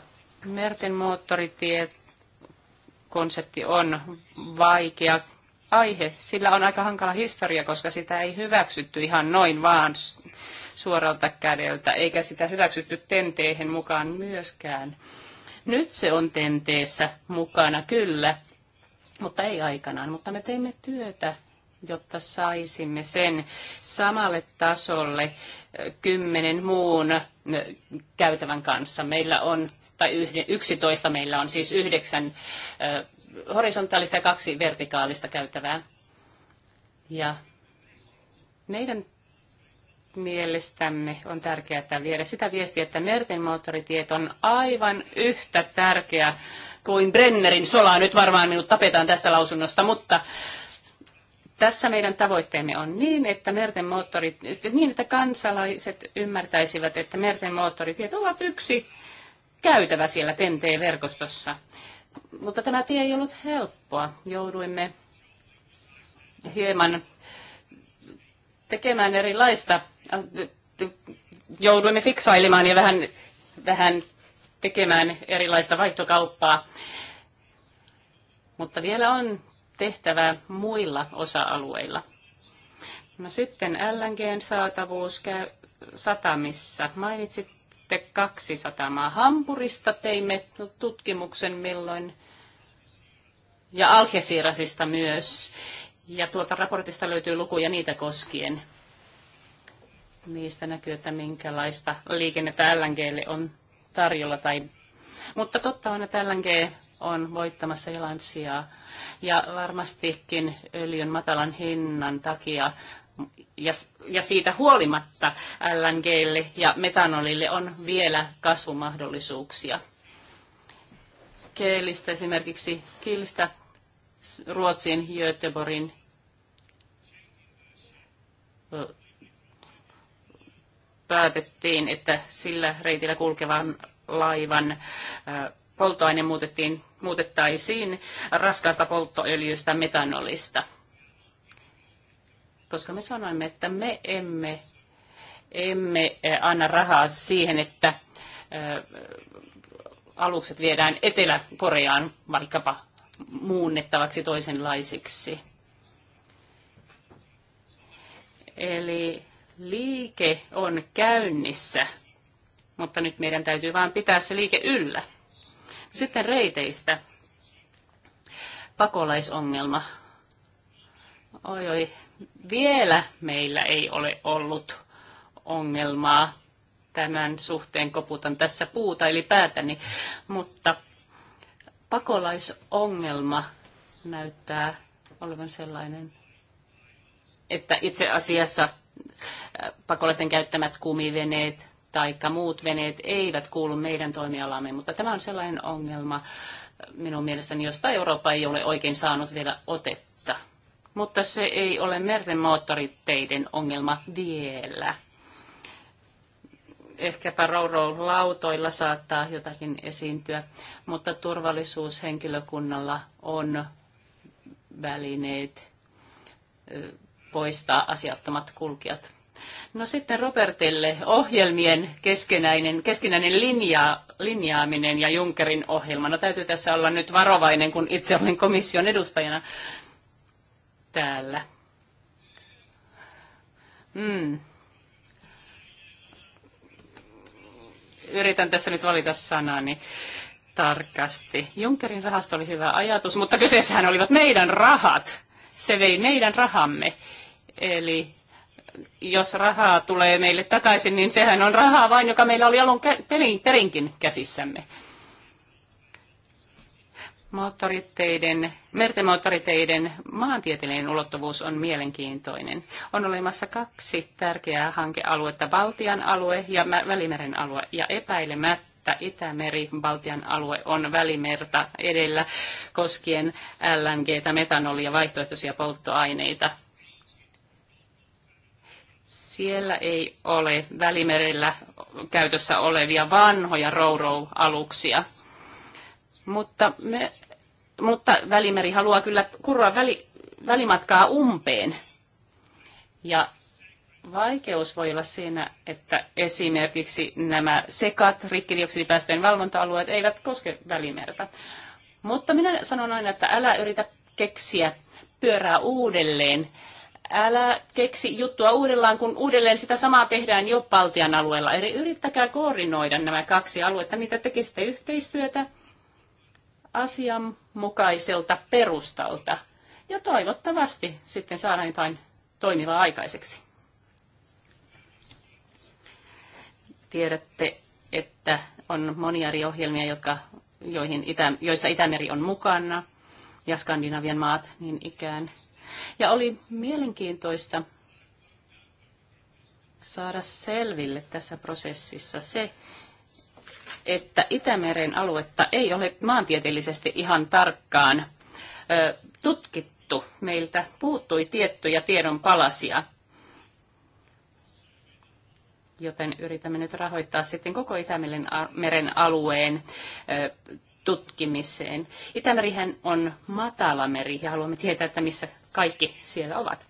Speaker 1: merten moottoritiet, konsepti on vaikea aihe. Sillä on aika hankala historia, koska sitä ei hyväksytty ihan noin vaan suoralta kädeltä, eikä sitä hyväksytty tenteihin mukaan myöskään. Nyt se on tenteessä mukana, kyllä, mutta ei aikanaan. Mutta me teimme työtä, jotta saisimme sen samalle tasolle kymmenen muun käytävän kanssa. Meillä on tai 11 meillä on siis yhdeksän horisontaalista ja kaksi vertikaalista käytävää. Ja meidän mielestämme on tärkeää viedä sitä viestiä, että merten moottoritiet on aivan yhtä tärkeä kuin Brennerin sola. Nyt varmaan minut tapetaan tästä lausunnosta, mutta tässä meidän tavoitteemme on niin, että merten moottorit, niin että kansalaiset ymmärtäisivät, että merten moottoritiet ovat yksi käytävä siellä TNT-verkostossa. Mutta tämä tie ei ollut helppoa. Jouduimme hieman tekemään erilaista, äh, jouduimme fiksailemaan ja vähän, vähän tekemään erilaista vaihtokauppaa. Mutta vielä on tehtävää muilla osa-alueilla. No sitten LNGn saatavuus käy satamissa. Mainitsit kaksi satamaa. Hampurista teimme tutkimuksen milloin ja Algeciirasista myös. Ja tuolta raportista löytyy lukuja niitä koskien. Niistä näkyy, että minkälaista liikennettä LNGlle on tarjolla. Tai... Mutta totta on, että LNG on voittamassa Jelansia ja varmastikin öljyn matalan hinnan takia ja, ja siitä huolimatta LNGlle ja metanolille on vielä kasvumahdollisuuksia. Keelistä esimerkiksi Kilistä, Ruotsin Göteborgin päätettiin, että sillä reitillä kulkevan laivan polttoaine muutettiin, muutettaisiin raskaasta polttoöljystä metanolista – koska me sanoimme, että me emme, emme eh, anna rahaa siihen, että eh, alukset viedään Etelä-Koreaan vaikkapa muunnettavaksi toisenlaisiksi. Eli liike on käynnissä, mutta nyt meidän täytyy vain pitää se liike yllä. Sitten reiteistä. Pakolaisongelma. Oi, oi, vielä meillä ei ole ollut ongelmaa tämän suhteen. Koputan tässä puuta eli päätäni, mutta pakolaisongelma näyttää olevan sellainen, että itse asiassa äh, pakolaisten käyttämät kumiveneet tai muut veneet eivät kuulu meidän toimialamme, mutta tämä on sellainen ongelma äh, minun mielestäni, josta Eurooppa ei ole oikein saanut vielä otetta mutta se ei ole merten moottoriteiden ongelma vielä. Ehkäpä Rouro-lautoilla saattaa jotakin esiintyä, mutta turvallisuushenkilökunnalla on välineet poistaa asiattomat kulkijat. No sitten Robertille ohjelmien keskenäinen, keskenäinen linja, linjaaminen ja Junckerin ohjelma. No täytyy tässä olla nyt varovainen, kun itse olen komission edustajana, täällä. Mm. Yritän tässä nyt valita sanani tarkasti. Junkerin rahasto oli hyvä ajatus, mutta kyseessähän olivat meidän rahat. Se vei meidän rahamme. Eli jos rahaa tulee meille takaisin, niin sehän on rahaa vain, joka meillä oli alun perinkin käsissämme moottoriteiden, merten moottoriteiden maantieteellinen ulottuvuus on mielenkiintoinen. On olemassa kaksi tärkeää hankealuetta, Baltian alue ja Välimeren alue, ja epäilemättä Itämeri, Baltian alue on välimerta edellä koskien LNG, metanolia, vaihtoehtoisia polttoaineita. Siellä ei ole välimerellä käytössä olevia vanhoja rourou aluksia mutta, me, mutta Välimeri haluaa kyllä kurua väli, välimatkaa umpeen. Ja vaikeus voi olla siinä, että esimerkiksi nämä sekat, rikkidioksidipäästöjen valvonta-alueet eivät koske välimertä. Mutta minä sanon aina, että älä yritä keksiä pyörää uudelleen. Älä keksi juttua uudellaan, kun uudelleen sitä samaa tehdään jo Baltian alueella. Eli yrittäkää koordinoida nämä kaksi aluetta, niitä tekisitte yhteistyötä asianmukaiselta perustalta. Ja toivottavasti sitten saadaan jotain toimivaa aikaiseksi. Tiedätte, että on monia eri ohjelmia, jotka, joihin Itä, joissa Itämeri on mukana ja Skandinavian maat niin ikään. Ja oli mielenkiintoista saada selville tässä prosessissa se, että Itämeren aluetta ei ole maantieteellisesti ihan tarkkaan ö, tutkittu. Meiltä puuttui tiettyjä tiedon palasia, joten yritämme nyt rahoittaa sitten koko Itämeren alueen ö, tutkimiseen. Itämerihän on matala meri ja haluamme tietää, että missä kaikki siellä ovat.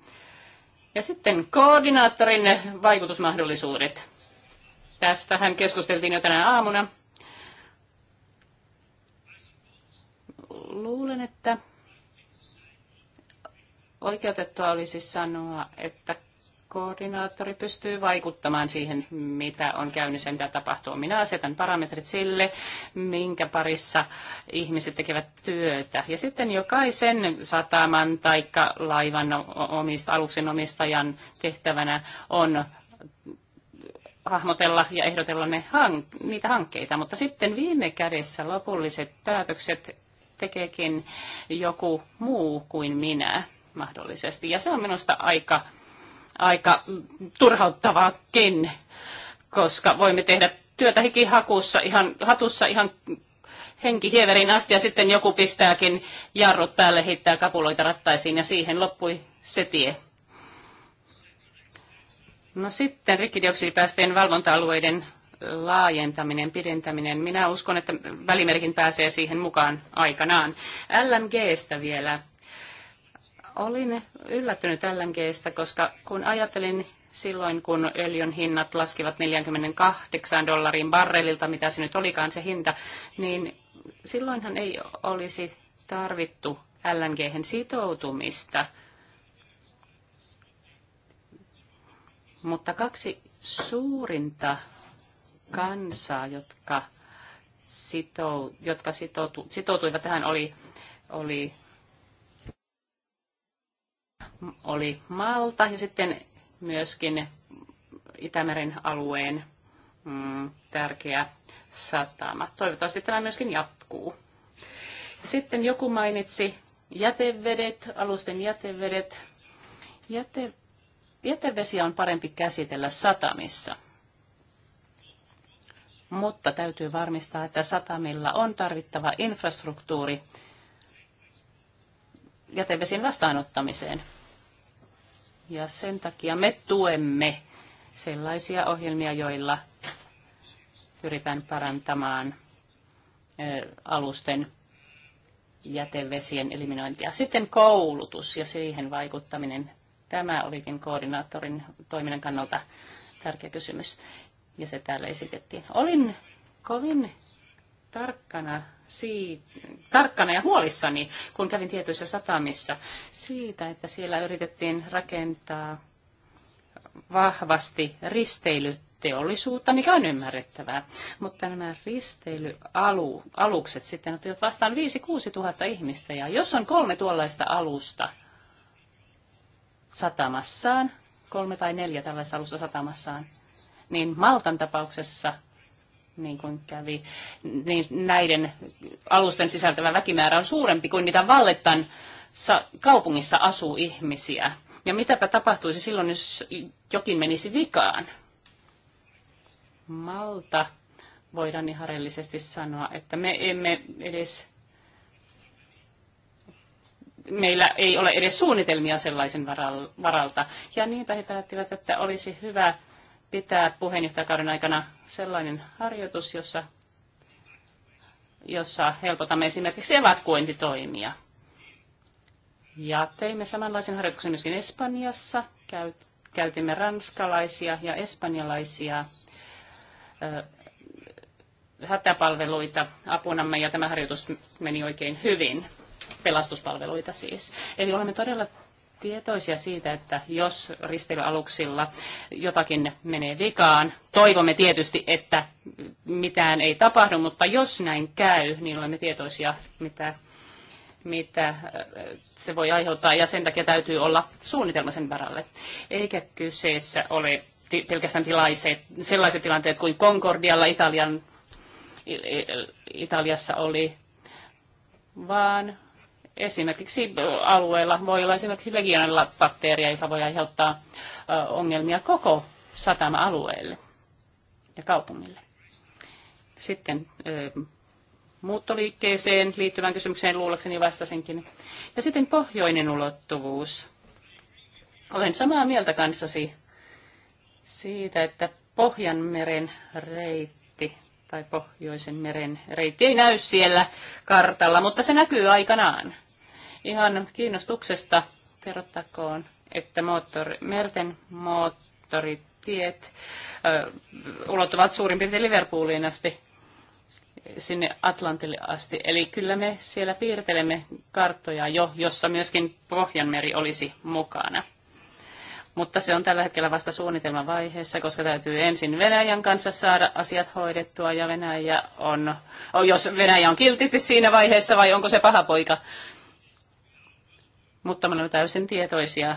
Speaker 1: Ja sitten koordinaattorin vaikutusmahdollisuudet. Tästähän keskusteltiin jo tänä aamuna. Luulen, että oikeutettua olisi sanoa, että koordinaattori pystyy vaikuttamaan siihen, mitä on käynnissä, mitä tapahtuu. Minä asetan parametrit sille, minkä parissa ihmiset tekevät työtä. Ja sitten jokaisen sataman tai laivan omista, aluksen omistajan tehtävänä on hahmotella ja ehdotella ne hank- niitä hankkeita, mutta sitten viime kädessä lopulliset päätökset tekeekin joku muu kuin minä mahdollisesti. Ja se on minusta aika, aika turhauttavaakin, koska voimme tehdä työtä hikihakussa ihan, hatussa ihan henkihieverin asti ja sitten joku pistääkin jarrut päälle, heittää kapuloita rattaisiin ja siihen loppui se tie. No sitten rikkidioksidipäästöjen valvonta-alueiden laajentaminen, pidentäminen. Minä uskon, että välimerkin pääsee siihen mukaan aikanaan. LNGstä vielä. Olin yllättynyt LNGstä, koska kun ajattelin silloin, kun öljyn hinnat laskivat 48 dollariin barrelilta, mitä se nyt olikaan se hinta, niin silloinhan ei olisi tarvittu LNGhen sitoutumista. Mutta kaksi suurinta kansaa, jotka, sitou, jotka sitoutu, sitoutuivat tähän, oli, oli, oli Malta ja sitten myöskin Itämeren alueen mm, tärkeä satama. Toivottavasti tämä myöskin jatkuu. Sitten joku mainitsi jätevedet, alusten jätevedet. Jäte, jätevesiä on parempi käsitellä satamissa – mutta täytyy varmistaa, että satamilla on tarvittava infrastruktuuri jätevesin vastaanottamiseen. Ja sen takia me tuemme sellaisia ohjelmia, joilla pyritään parantamaan alusten jätevesien eliminointia. Sitten koulutus ja siihen vaikuttaminen. Tämä olikin koordinaattorin toiminnan kannalta tärkeä kysymys ja se täällä esitettiin. Olin kovin tarkkana, sii, tarkkana ja huolissani, kun kävin tietyissä satamissa siitä, että siellä yritettiin rakentaa vahvasti risteilyteollisuutta, mikä on ymmärrettävää. Mutta nämä risteilyalukset sitten ottivat vastaan 5-6 tuhatta ihmistä. Ja jos on kolme tuollaista alusta satamassaan, kolme tai neljä tällaista alusta satamassaan, niin Maltan tapauksessa niin kuin kävi, niin näiden alusten sisältävä väkimäärä on suurempi kuin mitä Vallettan kaupungissa asuu ihmisiä. Ja mitäpä tapahtuisi silloin, jos jokin menisi vikaan? Malta, voidaan niin rehellisesti sanoa, että me emme edes, meillä ei ole edes suunnitelmia sellaisen varalta. Ja niinpä he päättivät, että olisi hyvä pitää puheenjohtajakauden aikana sellainen harjoitus, jossa, jossa helpotamme esimerkiksi evakuointitoimia. Ja teimme samanlaisen harjoituksen myöskin Espanjassa. Käytimme ranskalaisia ja espanjalaisia ö, hätäpalveluita apunamme ja tämä harjoitus meni oikein hyvin pelastuspalveluita siis. Eli olemme todella tietoisia siitä, että jos risteilyaluksilla jotakin menee vikaan, toivomme tietysti, että mitään ei tapahdu, mutta jos näin käy, niin olemme tietoisia, mitä, mitä äh, se voi aiheuttaa, ja sen takia täytyy olla suunnitelma sen varalle. Eikä kyseessä ole pelkästään tilaiset, sellaiset tilanteet kuin Concordialla Italian, Italiassa oli, vaan Esimerkiksi alueella voi olla esimerkiksi legionella bakteeria, joka voi aiheuttaa ongelmia koko satama-alueelle ja kaupungille. Sitten muuttoliikkeeseen liittyvän kysymykseen luulakseni vastasinkin. Ja sitten pohjoinen ulottuvuus. Olen samaa mieltä kanssasi siitä, että Pohjanmeren reitti tai Pohjoisen meren reitti ei näy siellä kartalla, mutta se näkyy aikanaan. Ihan kiinnostuksesta kerrottakoon, että moottori, merten moottoritiet ö, ulottuvat suurin piirtein Liverpooliin asti sinne Atlantille asti. Eli kyllä me siellä piirtelemme karttoja jo, jossa myöskin Pohjanmeri olisi mukana. Mutta se on tällä hetkellä vasta suunnitelmavaiheessa, koska täytyy ensin Venäjän kanssa saada asiat hoidettua. Ja Venäjä on, jos Venäjä on kiltisti siinä vaiheessa vai onko se paha poika, mutta me olemme täysin tietoisia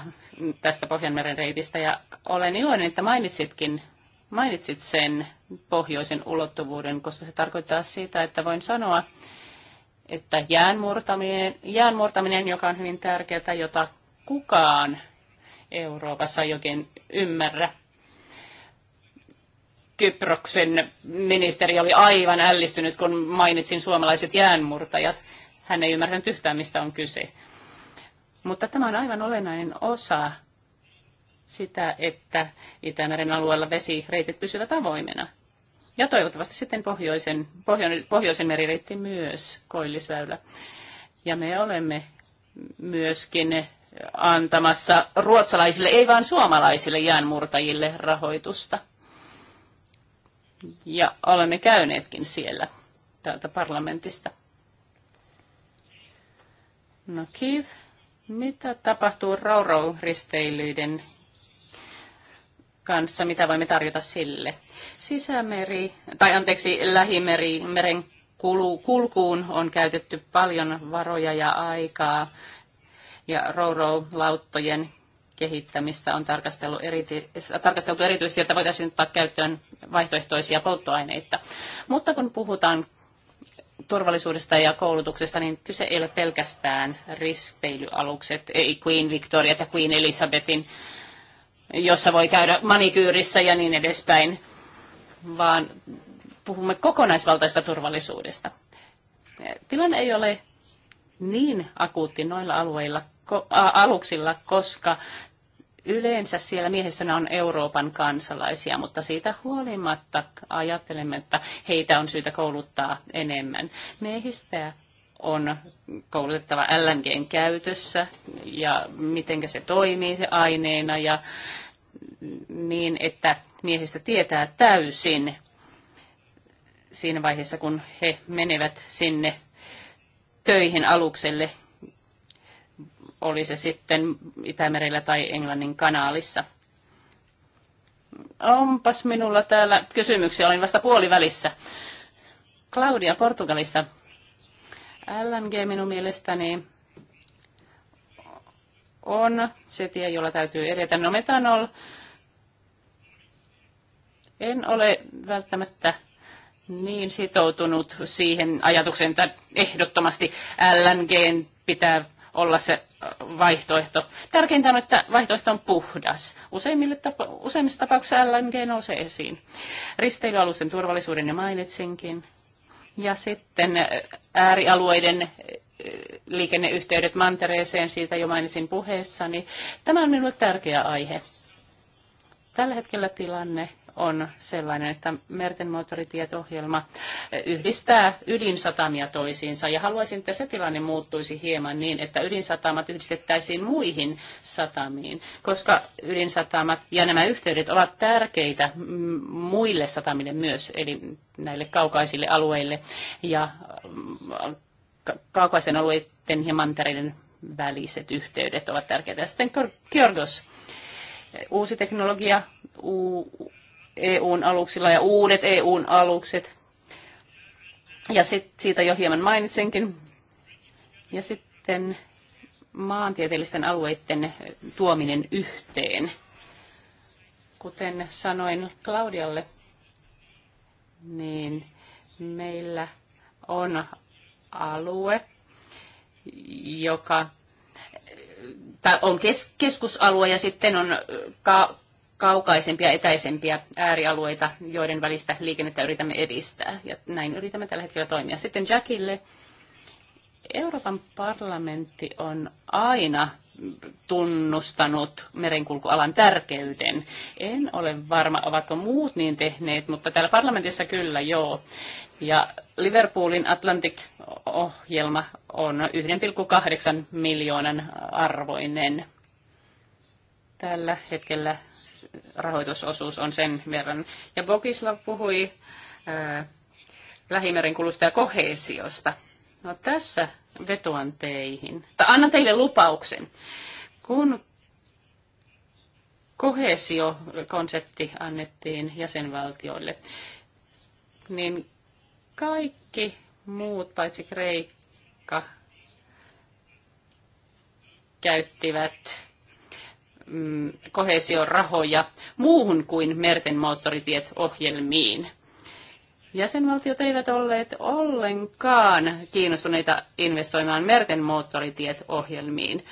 Speaker 1: tästä Pohjanmeren reitistä ja olen iloinen, että mainitsitkin mainitsit sen pohjoisen ulottuvuuden, koska se tarkoittaa sitä, että voin sanoa, että jäänmurtaminen, jäänmurtaminen joka on hyvin tärkeää, jota kukaan Euroopassa jokin ymmärrä. Kyproksen ministeri oli aivan ällistynyt, kun mainitsin suomalaiset jäänmurtajat. Hän ei ymmärtänyt yhtään, mistä on kyse. Mutta tämä on aivan olennainen osa sitä, että Itämeren alueella vesireitit pysyvät avoimena. Ja toivottavasti sitten pohjoisen, pohjo, pohjoisen merireitti myös, Koillisväylä. Ja me olemme myöskin antamassa ruotsalaisille, ei vain suomalaisille jäänmurtajille rahoitusta. Ja olemme käyneetkin siellä täältä parlamentista. No Kiiv mitä tapahtuu rauro risteilyiden kanssa, mitä voimme tarjota sille? Sisämeri, tai anteeksi, lähimeri, meren kulkuun on käytetty paljon varoja ja aikaa, ja rauro lauttojen kehittämistä on tarkasteltu erityisesti, jotta voitaisiin ottaa käyttöön vaihtoehtoisia polttoaineita. Mutta kun puhutaan turvallisuudesta ja koulutuksesta, niin kyse ei ole pelkästään risteilyalukset, ei Queen Victoria ja Queen Elizabethin, jossa voi käydä manikyyrissä ja niin edespäin, vaan puhumme kokonaisvaltaista turvallisuudesta. Tilanne ei ole niin akuutti noilla alueilla, aluksilla, koska Yleensä siellä miehistönä on Euroopan kansalaisia, mutta siitä huolimatta ajattelemme, että heitä on syytä kouluttaa enemmän. Miehistöä on koulutettava LNGn käytössä ja miten se toimii se aineena ja niin, että miehistä tietää täysin siinä vaiheessa, kun he menevät sinne töihin alukselle oli se sitten Itämerillä tai Englannin kanaalissa. Onpas minulla täällä kysymyksiä, olin vasta puolivälissä. Claudia Portugalista. LNG minun mielestäni on se tie, jolla täytyy edetä. No metanol, en ole välttämättä niin sitoutunut siihen ajatukseen, että ehdottomasti LNG pitää olla se vaihtoehto. Tärkeintä on, että vaihtoehto on puhdas. Useimmille tapa- useimmissa tapauksissa LNG nousee esiin. Risteilyalusten turvallisuuden ja mainitsinkin. Ja sitten äärialueiden eh, liikenneyhteydet mantereeseen, siitä jo mainitsin puheessani. Tämä on minulle tärkeä aihe. Tällä hetkellä tilanne on sellainen, että merten moottoritiet-ohjelma yhdistää ydinsatamia toisiinsa. Ja haluaisin, että se tilanne muuttuisi hieman niin, että ydinsatamat yhdistettäisiin muihin satamiin, koska ydinsatamat ja nämä yhteydet ovat tärkeitä muille satamille myös, eli näille kaukaisille alueille ja mm, kaukaisen alueiden ja mantereiden väliset yhteydet ovat tärkeitä. Ja sitten Kyrgios uusi teknologia EUn aluksilla ja uudet EUn alukset. Ja sit, siitä jo hieman mainitsenkin. Ja sitten maantieteellisten alueiden tuominen yhteen. Kuten sanoin Claudialle, niin meillä on alue, joka tai on kes, keskusalue ja sitten on ka, kaukaisempia, etäisempiä äärialueita, joiden välistä liikennettä yritämme edistää. Ja näin yritämme tällä hetkellä toimia. Sitten Jackille. Euroopan parlamentti on aina tunnustanut merenkulkualan tärkeyden. En ole varma, ovatko muut niin tehneet, mutta täällä parlamentissa kyllä joo. Ja Liverpoolin Atlantic-ohjelma on 1,8 miljoonan arvoinen. Tällä hetkellä rahoitusosuus on sen verran. Ja Bogislav puhui ää, lähimerenkulusta ja kohesiosta. No tässä vetoan teihin. Tai annan teille lupauksen. Kun kohesiokonsepti annettiin jäsenvaltioille, niin kaikki muut paitsi Kreikka käyttivät mm, kohesiorahoja muuhun kuin merten moottoritiet ohjelmiin. Jäsenvaltiot eivät olleet ollenkaan kiinnostuneita investoimaan merten moottoritiet-ohjelmiin.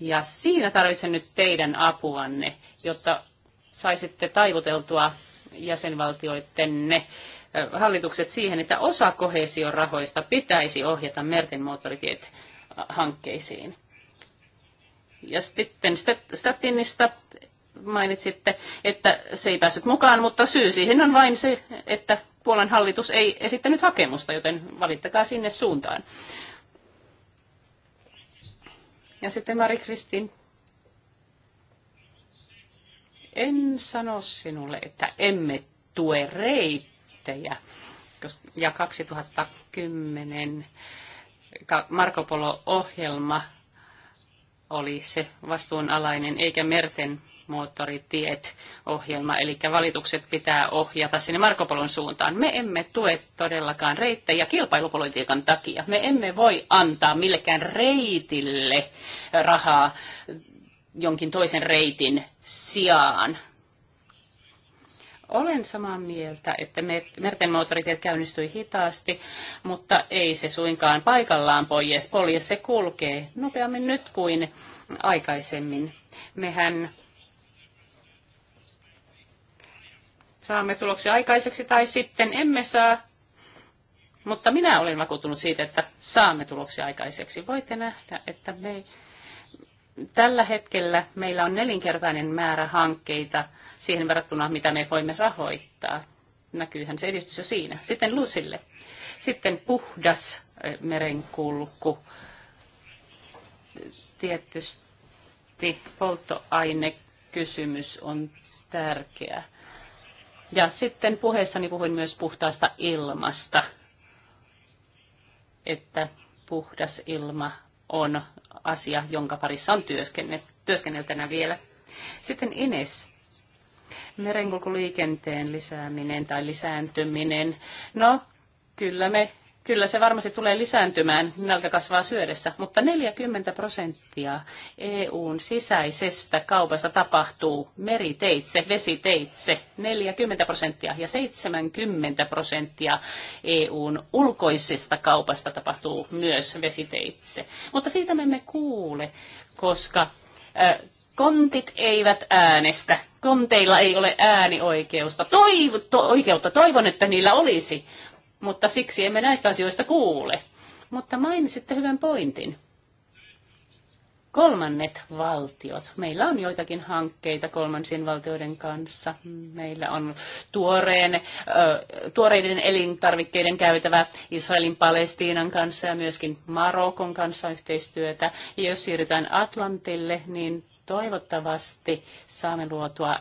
Speaker 1: Ja siinä tarvitsen nyt teidän apuanne, jotta saisitte taivuteltua jäsenvaltioittenne hallitukset siihen, että osa kohesiorahoista pitäisi ohjata merten moottoritiet hankkeisiin. Ja sitten Stettinista mainitsitte, että se ei päässyt mukaan, mutta syy siihen on vain se, että Puolan hallitus ei esittänyt hakemusta, joten valittakaa sinne suuntaan. Ja sitten Mari Kristin. En sano sinulle, että emme tue reittejä. Ja 2010 Marko Polo-ohjelma oli se vastuunalainen, eikä merten moottoritiet ohjelma, eli valitukset pitää ohjata sinne Markopolon suuntaan. Me emme tue todellakaan reittejä kilpailupolitiikan takia. Me emme voi antaa millekään reitille rahaa jonkin toisen reitin sijaan. Olen samaa mieltä, että merten moottoritiet käynnistyi hitaasti, mutta ei se suinkaan paikallaan polje. Polje se kulkee nopeammin nyt kuin aikaisemmin. Mehän saamme tuloksia aikaiseksi tai sitten emme saa. Mutta minä olen vakuuttunut siitä, että saamme tuloksia aikaiseksi. Voitte nähdä, että me, tällä hetkellä meillä on nelinkertainen määrä hankkeita siihen verrattuna, mitä me voimme rahoittaa. Näkyyhän se edistys jo siinä. Sitten Lusille. Sitten puhdas eh, merenkulku. Tietysti polttoainekysymys on tärkeä ja sitten puheessani puhuin myös puhtaasta ilmasta, että puhdas ilma on asia, jonka parissa on työskenneltänä vielä. Sitten Ines, merenkulkuliikenteen lisääminen tai lisääntyminen. No, kyllä me Kyllä se varmasti tulee lisääntymään, nälkä kasvaa syödessä, mutta 40 prosenttia EUn sisäisestä kaupasta tapahtuu meriteitse, vesiteitse, 40 prosenttia ja 70 prosenttia EUn ulkoisesta kaupasta tapahtuu myös vesiteitse. Mutta siitä me emme kuule, koska äh, kontit eivät äänestä, konteilla ei ole äänioikeusta, Toiv- to- oikeutta, toivon, että niillä olisi mutta siksi emme näistä asioista kuule. Mutta mainitsitte hyvän pointin. Kolmannet valtiot. Meillä on joitakin hankkeita kolmansien valtioiden kanssa. Meillä on tuoreen, ö, tuoreiden elintarvikkeiden käytävä Israelin, Palestiinan kanssa ja myöskin Marokon kanssa yhteistyötä. Ja jos siirrytään Atlantille, niin toivottavasti saamme luotua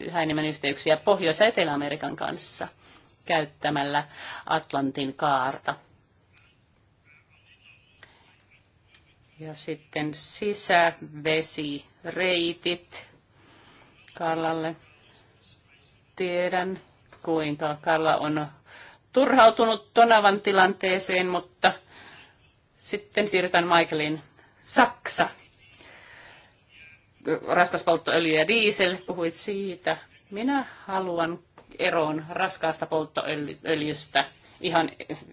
Speaker 1: yhä enemmän yhteyksiä Pohjois- ja Etelä-Amerikan kanssa käyttämällä Atlantin kaarta. Ja sitten sisävesireitit Kallalle. Tiedän, kuinka Kalla on turhautunut Tonavan tilanteeseen, mutta sitten siirrytään Michaelin Saksa. Raskas polttoöljy ja diesel, puhuit siitä. Minä haluan eroon raskaasta polttoöljystä ihan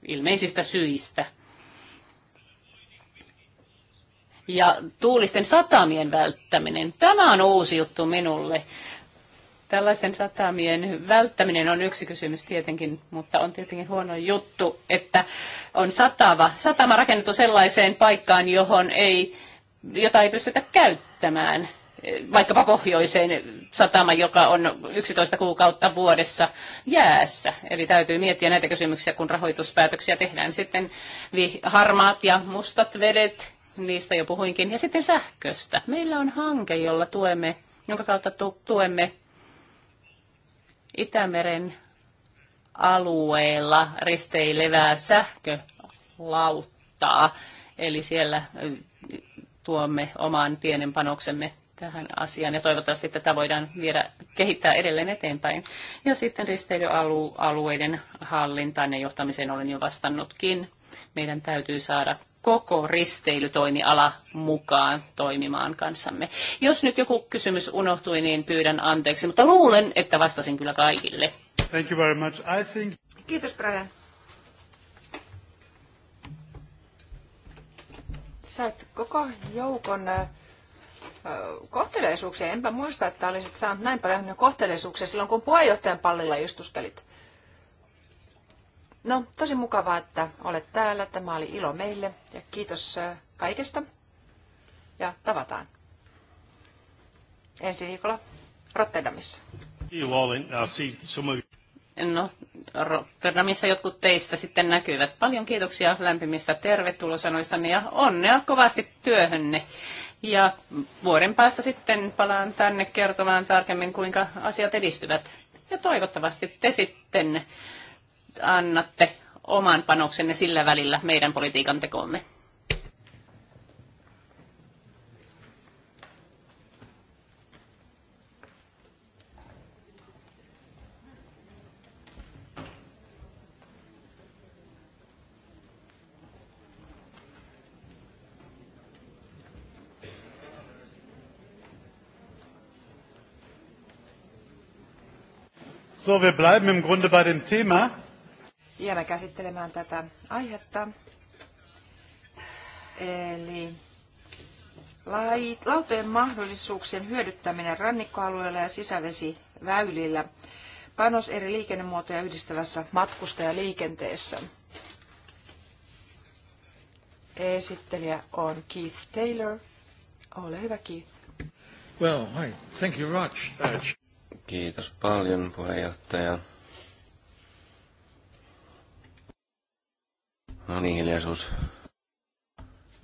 Speaker 1: ilmeisistä syistä. Ja tuulisten satamien välttäminen, tämä on uusi juttu minulle. Tällaisten satamien välttäminen on yksi kysymys tietenkin, mutta on tietenkin huono juttu, että on satava. Satama rakennettu sellaiseen paikkaan, johon ei, jota ei pystytä käyttämään vaikkapa pohjoiseen satama, joka on 11 kuukautta vuodessa jäässä. Eli täytyy miettiä näitä kysymyksiä, kun rahoituspäätöksiä tehdään. Sitten harmaat ja mustat vedet, niistä jo puhuinkin. Ja sitten sähköstä. Meillä on hanke, jolla tuemme, jonka kautta tuemme Itämeren alueella risteilevää sähkölauttaa. Eli siellä tuomme oman pienen panoksemme tähän asiaan ja toivottavasti tätä voidaan viedä, kehittää edelleen eteenpäin. Ja sitten risteilyalueiden hallintaan ja johtamiseen olen jo vastannutkin. Meidän täytyy saada koko risteilytoimiala mukaan toimimaan kanssamme. Jos nyt joku kysymys unohtui, niin pyydän anteeksi, mutta luulen, että vastasin kyllä kaikille. Thank you very much. I think...
Speaker 2: Kiitos Brian. Sait koko joukon äh, kohteleisuuksia. Enpä muista, että olisit saanut näin paljon kohteleisuuksia silloin, kun puheenjohtajan pallilla istuskelit. No, tosi mukavaa, että olet täällä. Tämä oli ilo meille ja kiitos kaikesta.
Speaker 1: Ja tavataan ensi viikolla Rotterdamissa. No, Rotterdamissa jotkut teistä sitten näkyvät. Paljon kiitoksia lämpimistä tervetulosanoistanne ja onnea kovasti työhönne. Ja vuoden päästä sitten palaan tänne kertomaan tarkemmin, kuinka asiat edistyvät. Ja toivottavasti te sitten annatte oman panoksenne sillä välillä meidän politiikan tekoomme.
Speaker 2: So, wir bleiben im Grunde bei dem Thema. Jäämme käsittelemään tätä aihetta. Eli lait, lautojen mahdollisuuksien hyödyttäminen rannikkoalueella ja sisävesiväylillä. Panos eri liikennemuotoja yhdistävässä matkustajaliikenteessä. Esittelijä on Keith Taylor. Ole hyvä, Keith.
Speaker 1: Well, hi. Thank you much.
Speaker 3: Uh, Kiitos paljon puheenjohtaja. No niin, hiljaisuus.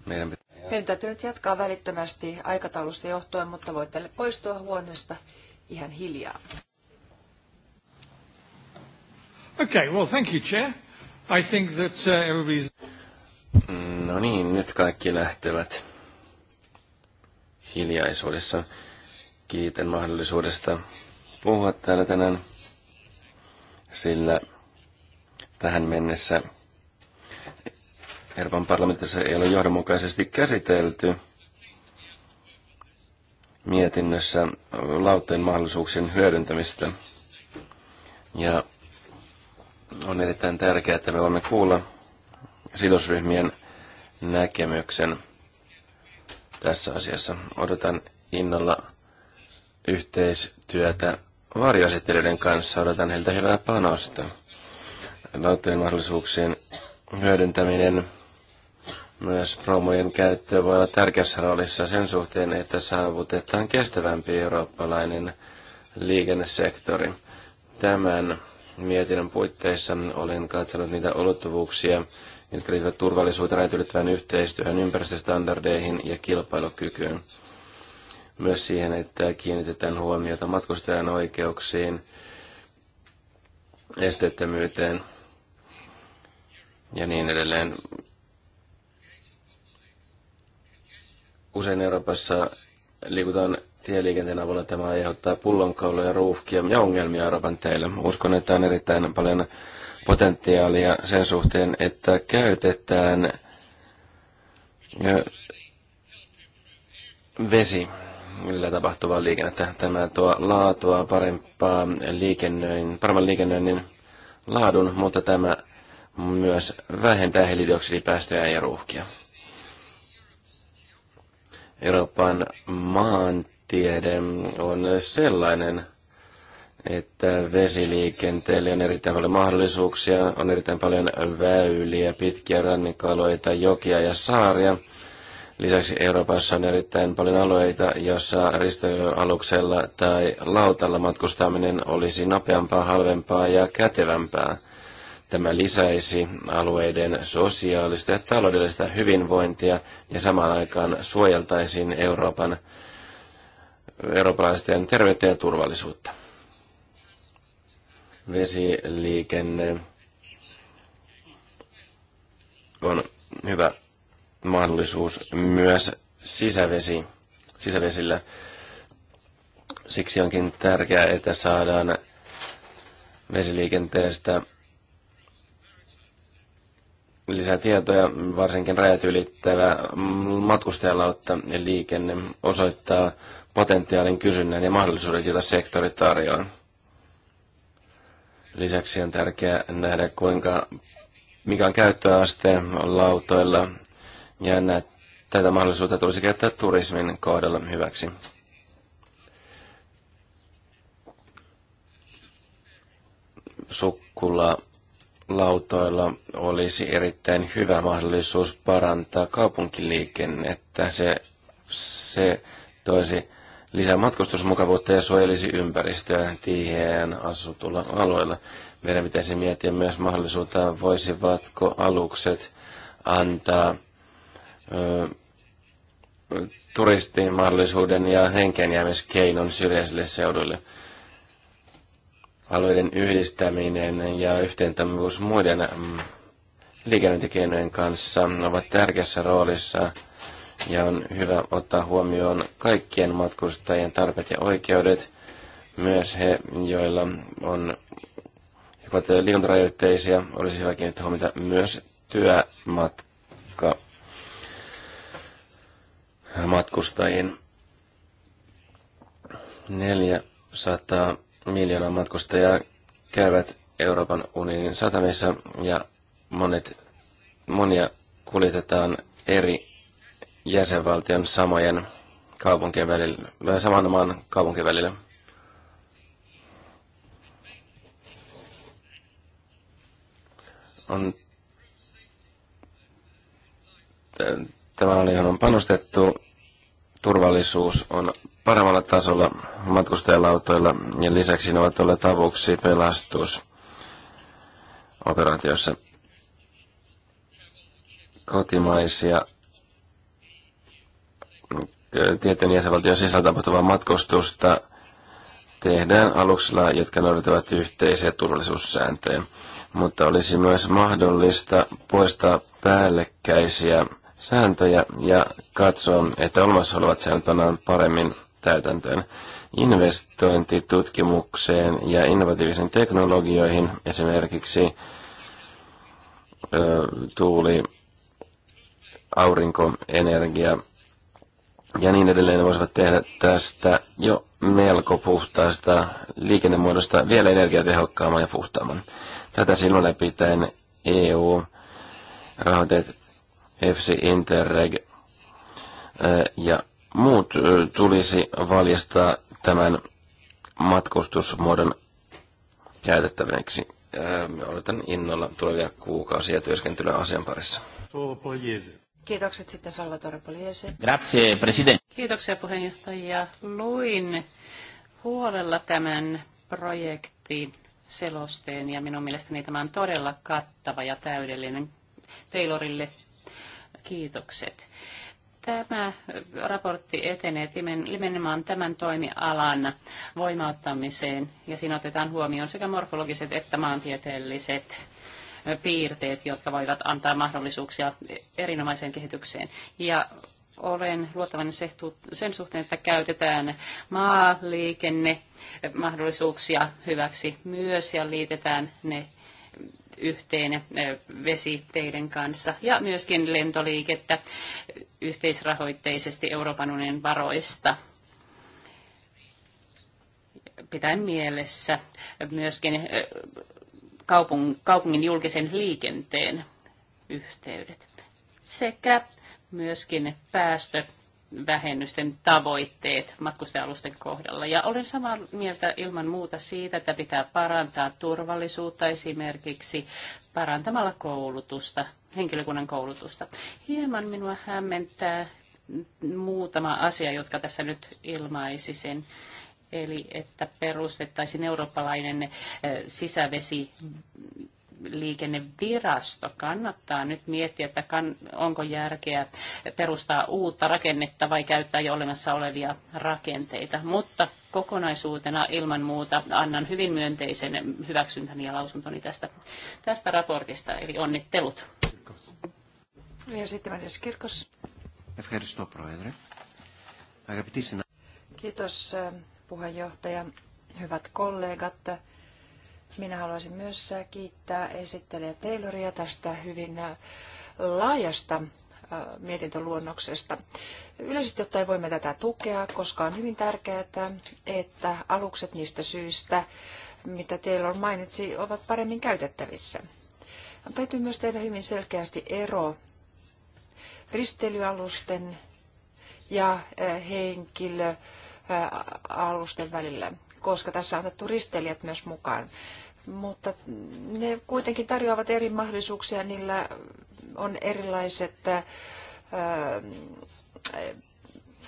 Speaker 3: Meidän pitää...
Speaker 2: Meidän täytyy nyt jatkaa välittömästi aikataulusta johtuen, mutta voitte poistua huoneesta ihan hiljaa. Okay, well, thank you, Chair.
Speaker 1: I think that uh, everybody's...
Speaker 3: No niin, nyt kaikki lähtevät hiljaisuudessa. Kiitän mahdollisuudesta puhua täällä tänään, sillä tähän mennessä Euroopan parlamentissa ei ole johdonmukaisesti käsitelty mietinnössä lauteen mahdollisuuksien hyödyntämistä. Ja on erittäin tärkeää, että me voimme kuulla sidosryhmien näkemyksen tässä asiassa. Odotan innolla yhteistyötä varjoesittelijöiden kanssa. Odotan heiltä hyvää panosta. Lautojen mahdollisuuksien hyödyntäminen myös promojen käyttö voi olla tärkeässä roolissa sen suhteen, että saavutetaan kestävämpi eurooppalainen liikennesektori. Tämän mietinnön puitteissa olen katsonut niitä ulottuvuuksia, jotka liittyvät turvallisuuteen, rajatylittävään yhteistyöhön, ympäristöstandardeihin ja kilpailukykyyn myös siihen, että kiinnitetään huomiota matkustajan oikeuksiin, esteettömyyteen ja niin edelleen. Usein Euroopassa liikutaan tieliikenteen avulla. Tämä aiheuttaa pullonkauloja, ruuhkia ja ongelmia Euroopan teille. Uskon, että on erittäin paljon potentiaalia sen suhteen, että käytetään vesi millä tapahtuvaa liikennettä. Tämä tuo laatua, parempaa liikennöin, paremman liikennöinnin laadun, mutta tämä myös vähentää hiilidioksidipäästöjä ja ruuhkia. Euroopan maantiede on sellainen, että vesiliikenteelle on erittäin paljon mahdollisuuksia, on erittäin paljon väyliä, pitkiä rannikkoalueita, jokia ja saaria. Lisäksi Euroopassa on erittäin paljon alueita, joissa risteilyaluksella tai lautalla matkustaminen olisi nopeampaa, halvempaa ja kätevämpää. Tämä lisäisi alueiden sosiaalista ja taloudellista hyvinvointia ja samaan aikaan suojeltaisiin Euroopan, eurooppalaisten terveyttä ja turvallisuutta. Vesiliikenne on hyvä mahdollisuus myös sisävesi, sisävesillä. Siksi onkin tärkeää, että saadaan vesiliikenteestä lisätietoja, varsinkin rajat ylittävä matkustajalautta ja liikenne osoittaa potentiaalin kysynnän ja mahdollisuudet, joita sektori tarjoaa. Lisäksi on tärkeää nähdä, kuinka, mikä on käyttöaste lautoilla ja nä, tätä mahdollisuutta tulisi käyttää turismin kohdalla hyväksi. Sukkula lautoilla olisi erittäin hyvä mahdollisuus parantaa kaupunkiliikennettä. Se, se toisi lisää matkustusmukavuutta ja suojelisi ympäristöä tiheään asutulla alueella. Meidän pitäisi miettiä myös mahdollisuutta, voisivatko alukset antaa turistimahdollisuuden ja henkenjäämiskeinon syrjäisille seuduille. Alueiden yhdistäminen ja yhteentoimivuus muiden mm, liikennöintikeinojen kanssa ovat tärkeässä roolissa ja on hyvä ottaa huomioon kaikkien matkustajien tarpeet ja oikeudet, myös he, joilla on liikuntarajoitteisia, olisi hyvä kiinnittää huomiota myös työmatka matkustajiin. 400 miljoonaa matkustajaa käyvät Euroopan unionin satamissa ja monet, monia kuljetetaan eri jäsenvaltion samojen kaupunkien välillä, äh, saman maan kaupunkien välillä. On, tämä on ihan panostettu turvallisuus on paremmalla tasolla matkustajalautoilla ja lisäksi ne ovat olleet avuksi pelastusoperaatiossa. Kotimaisia äh, tieteen jäsenvaltion sisällä tapahtuvaa matkustusta tehdään aluksilla, jotka noudattavat yhteisiä turvallisuussääntöjä, mutta olisi myös mahdollista poistaa päällekkäisiä sääntöjä ja katsoa, että olemassa olevat säännöt pannaan paremmin täytäntöön. Investointitutkimukseen ja innovatiivisiin teknologioihin, esimerkiksi ö, tuuli, aurinkoenergia ja niin edelleen voisivat tehdä tästä jo melko puhtaasta liikennemuodosta vielä energiatehokkaamman ja puhtaamman. Tätä silloin pitäen EU rahoitteet FC Interreg ja muut tulisi valjastaa tämän matkustusmuodon käytettäväksi. Odotan innolla tulevia kuukausia työskentelyä asian parissa.
Speaker 1: Kiitokset sitten Salvatore Poliese.
Speaker 3: Grazie, president.
Speaker 1: Kiitoksia puheenjohtaja. Luin huolella tämän projektin selosteen ja minun mielestäni tämä on todella kattava ja täydellinen Taylorille kiitokset. Tämä raportti etenee nimenomaan tämän toimialan voimauttamiseen ja siinä otetaan huomioon sekä morfologiset että maantieteelliset piirteet, jotka voivat antaa mahdollisuuksia erinomaiseen kehitykseen. Ja olen luottavainen sen suhteen, että käytetään maaliikenne mahdollisuuksia hyväksi myös ja liitetään ne yhteen eh, vesiteiden kanssa ja myöskin lentoliikettä yhteisrahoitteisesti Euroopan unionin varoista pitäen mielessä myöskin eh, kaupung, kaupungin julkisen liikenteen yhteydet sekä myöskin päästö- vähennysten tavoitteet matkustajalusten kohdalla. Ja olen samaa mieltä ilman muuta siitä, että pitää parantaa turvallisuutta esimerkiksi parantamalla koulutusta, henkilökunnan koulutusta. Hieman minua hämmentää muutama asia, jotka tässä nyt ilmaisisin. Eli että perustettaisiin eurooppalainen eh, sisävesi liikennevirasto. Kannattaa nyt miettiä, että onko järkeä perustaa uutta rakennetta vai käyttää jo olemassa olevia rakenteita. Mutta kokonaisuutena ilman muuta annan hyvin myönteisen hyväksyntäni ja lausuntoni tästä, tästä raportista, eli onnittelut.
Speaker 2: Ja sitten Marias Kirkos. Kiitos, puheenjohtaja. Hyvät kollegat. Minä haluaisin myös kiittää esittelijä Tayloria tästä hyvin äh, laajasta äh, mietintöluonnoksesta. Yleisesti ottaen voimme tätä tukea, koska on hyvin tärkeää, että alukset niistä syistä, mitä Taylor mainitsi, ovat paremmin käytettävissä. Täytyy myös tehdä hyvin selkeästi ero risteilyalusten ja äh, henkilöalusten välillä, koska tässä on otettu risteilijät myös mukaan mutta ne kuitenkin tarjoavat eri mahdollisuuksia, niillä on erilaiset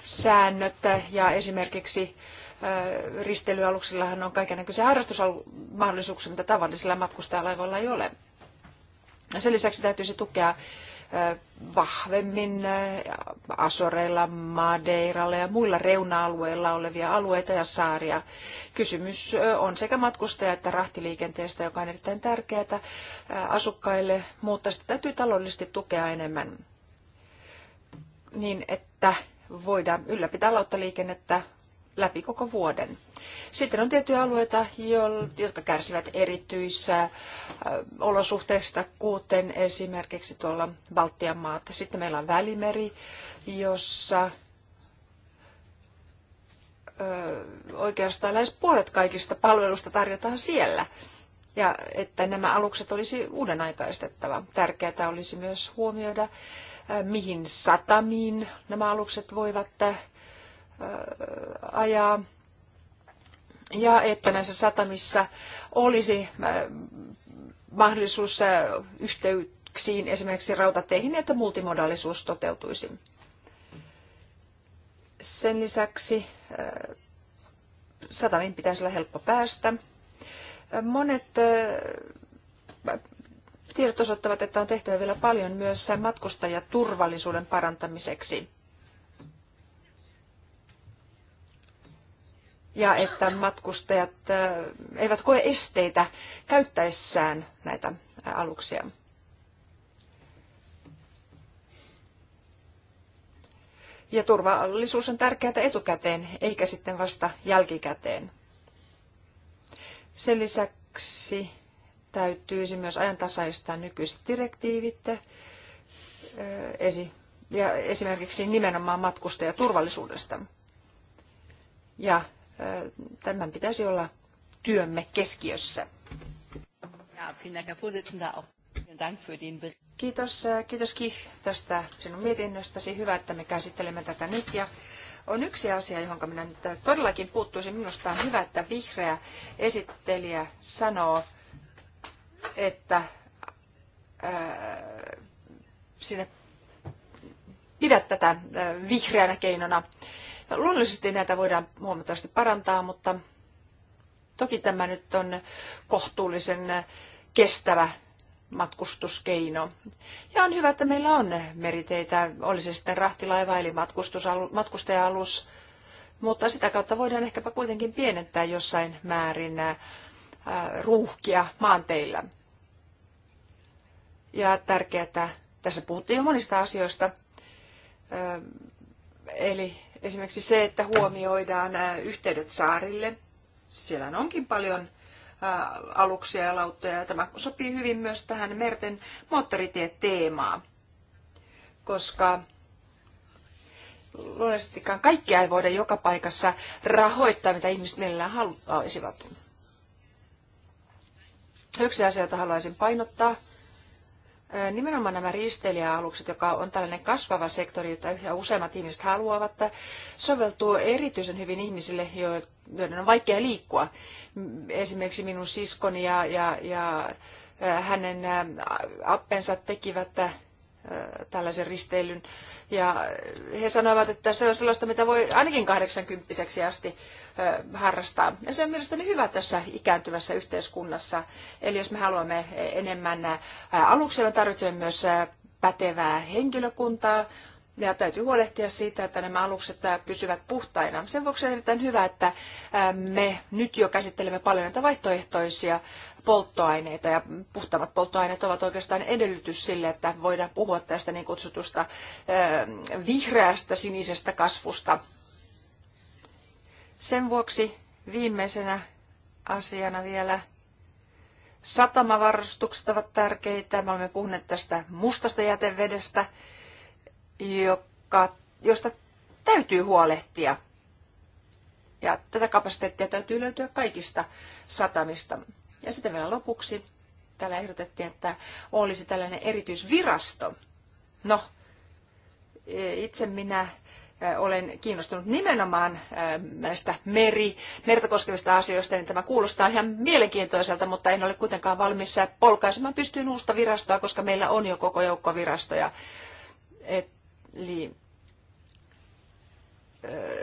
Speaker 2: säännöt ja esimerkiksi risteilyaluksillahan on näköisiä harrastusmahdollisuuksia, mitä tavallisilla matkustajalaivoilla ei ole. Sen lisäksi täytyisi tukea vahvemmin Asoreilla, Madeiralla ja muilla reuna-alueilla olevia alueita ja saaria. Kysymys on sekä matkustaja- että rahtiliikenteestä, joka on erittäin tärkeää asukkaille, mutta sitä täytyy taloudellisesti tukea enemmän niin, että voidaan ylläpitää lauttaliikennettä läpi koko vuoden. Sitten on tiettyjä alueita, jotka kärsivät erityissä olosuhteista, kuten esimerkiksi tuolla Baltian maat. Sitten meillä on Välimeri, jossa oikeastaan lähes puolet kaikista palvelusta tarjotaan siellä. Ja että nämä alukset olisi uuden aikaistettava. Tärkeää olisi myös huomioida, mihin satamiin nämä alukset voivat ajaa ja että näissä satamissa olisi mahdollisuus yhteyksiin esimerkiksi rautateihin, että multimodaalisuus toteutuisi. Sen lisäksi satamiin pitäisi olla helppo päästä. Monet tiedot osoittavat, että on tehtävä vielä paljon myös matkustajaturvallisuuden parantamiseksi. ja että matkustajat eivät koe esteitä käyttäessään näitä aluksia. Ja turvallisuus on tärkeää etukäteen, eikä sitten vasta jälkikäteen. Sen lisäksi täytyisi myös ajantasaistaa nykyiset direktiivit ja esimerkiksi nimenomaan matkustajaturvallisuudesta. Ja tämän pitäisi olla työmme keskiössä. Kiitos, kiitos Keith tästä sinun mietinnöstäsi. Hyvä, että me käsittelemme tätä nyt. Ja on yksi asia, johon minä nyt todellakin puuttuisin. Minusta on hyvä, että vihreä esittelijä sanoo, että ää, sinne pidät tätä vihreänä keinona Luonnollisesti näitä voidaan huomattavasti parantaa, mutta toki tämä nyt on kohtuullisen kestävä matkustuskeino. Ja on hyvä, että meillä on meriteitä, oli se sitten rahtilaiva eli matkustaja-alus, mutta sitä kautta voidaan ehkäpä kuitenkin pienentää jossain määrin äh, ruuhkia maanteillä. Ja tärkeää, että tässä puhuttiin jo monista asioista, äh, eli Esimerkiksi se, että huomioidaan yhteydet saarille. Siellä onkin paljon aluksia ja lauttoja. Ja tämä sopii hyvin myös tähän merten moottoritieteemaan, koska luonnollisestikaan kaikkia ei voida joka paikassa rahoittaa, mitä ihmiset mielellään haluaisivat. Yksi asia, jota haluaisin painottaa, nimenomaan nämä risteilijäalukset, joka on tällainen kasvava sektori, jota yhä useammat ihmiset haluavat, soveltuu erityisen hyvin ihmisille, joiden on vaikea liikkua. Esimerkiksi minun siskoni ja, ja, ja hänen appensa tekivät tällaisen risteilyn. Ja he sanoivat, että se on sellaista, mitä voi ainakin 80 asti harrastaa. Ja se on mielestäni hyvä tässä ikääntyvässä yhteiskunnassa. Eli jos me haluamme enemmän aluksia, me tarvitsemme myös pätevää henkilökuntaa, ja täytyy huolehtia siitä, että nämä alukset äh, pysyvät puhtaina. Sen vuoksi on erittäin hyvä, että äh, me nyt jo käsittelemme paljon näitä vaihtoehtoisia polttoaineita ja puhtavat polttoaineet ovat oikeastaan edellytys sille, että voidaan puhua tästä niin kutsutusta äh, vihreästä sinisestä kasvusta. Sen vuoksi viimeisenä asiana vielä satamavarustukset ovat tärkeitä. Me olemme puhuneet tästä mustasta jätevedestä joka, josta täytyy huolehtia. Ja tätä kapasiteettia täytyy löytyä kaikista satamista. Ja sitten vielä lopuksi täällä ehdotettiin, että olisi tällainen erityisvirasto. No, itse minä olen kiinnostunut nimenomaan näistä meri, merta koskevista asioista, niin tämä kuulostaa ihan mielenkiintoiselta, mutta en ole kuitenkaan valmis polkaisemaan pystyyn uutta virastoa, koska meillä on jo koko joukko virastoja. Et Eli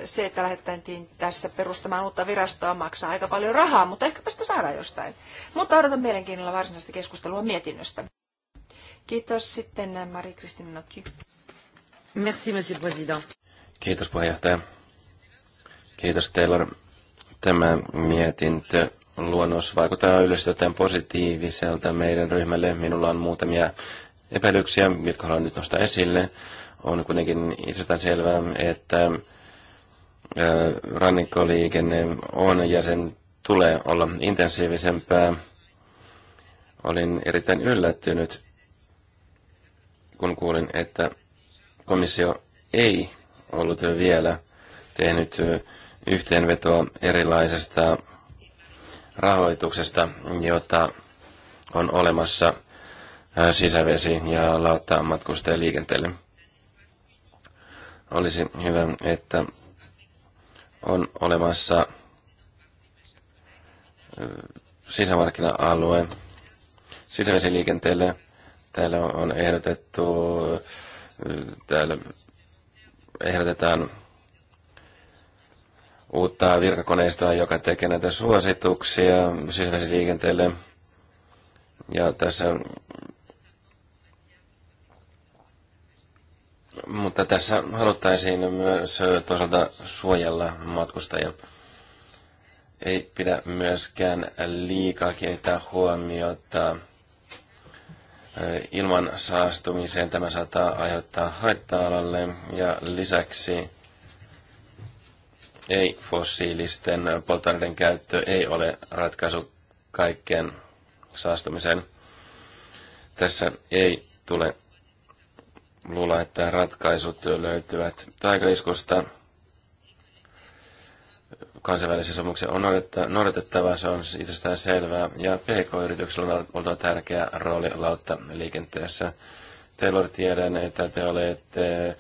Speaker 2: se, että lähettäintiin tässä perustamaan uutta virastoa, maksaa aika paljon rahaa, mutta ehkäpä sitä saadaan jostain. Mutta odotan mielenkiinnolla varsinaista keskustelua mietinnöstä. Kiitos sitten Mari-Kristin
Speaker 1: Merci, monsieur président.
Speaker 3: Kiitos puheenjohtaja. Kiitos Taylor. Tämä mietintö luonnos vaikuttaa yleisesti positiiviselta meidän ryhmälle. Minulla on muutamia epäilyksiä, jotka haluan nyt nostaa esille on kuitenkin itsestään selvää, että rannikkoliikenne on ja sen tulee olla intensiivisempää. Olin erittäin yllättynyt, kun kuulin, että komissio ei ollut vielä tehnyt yhteenvetoa erilaisesta rahoituksesta, jota on olemassa sisävesi- ja lauttaa matkustajaliikenteelle. liikenteelle. Olisi hyvä, että on olemassa sisämarkkina-alue sisävesiliikenteelle. Täällä on ehdotettu, täällä ehdotetaan uutta virkakoneistoa, joka tekee näitä suosituksia sisävesiliikenteelle. Ja tässä Mutta tässä haluttaisiin myös toisaalta suojella matkustajia. Ei pidä myöskään liikaa kiinnittää huomiota ilman saastumiseen. Tämä saattaa aiheuttaa haitta-alalle ja lisäksi ei-fossiilisten polttoaineiden käyttö ei ole ratkaisu kaikkeen saastumiseen. Tässä ei tule luulla, että ratkaisut löytyvät taikaiskusta. Kansainvälisen sopimuksen on noudatettava, se on siis itsestään selvää, ja pk yrityksellä on oltava tärkeä rooli lautta liikenteessä. Taylor tiedän, että te olette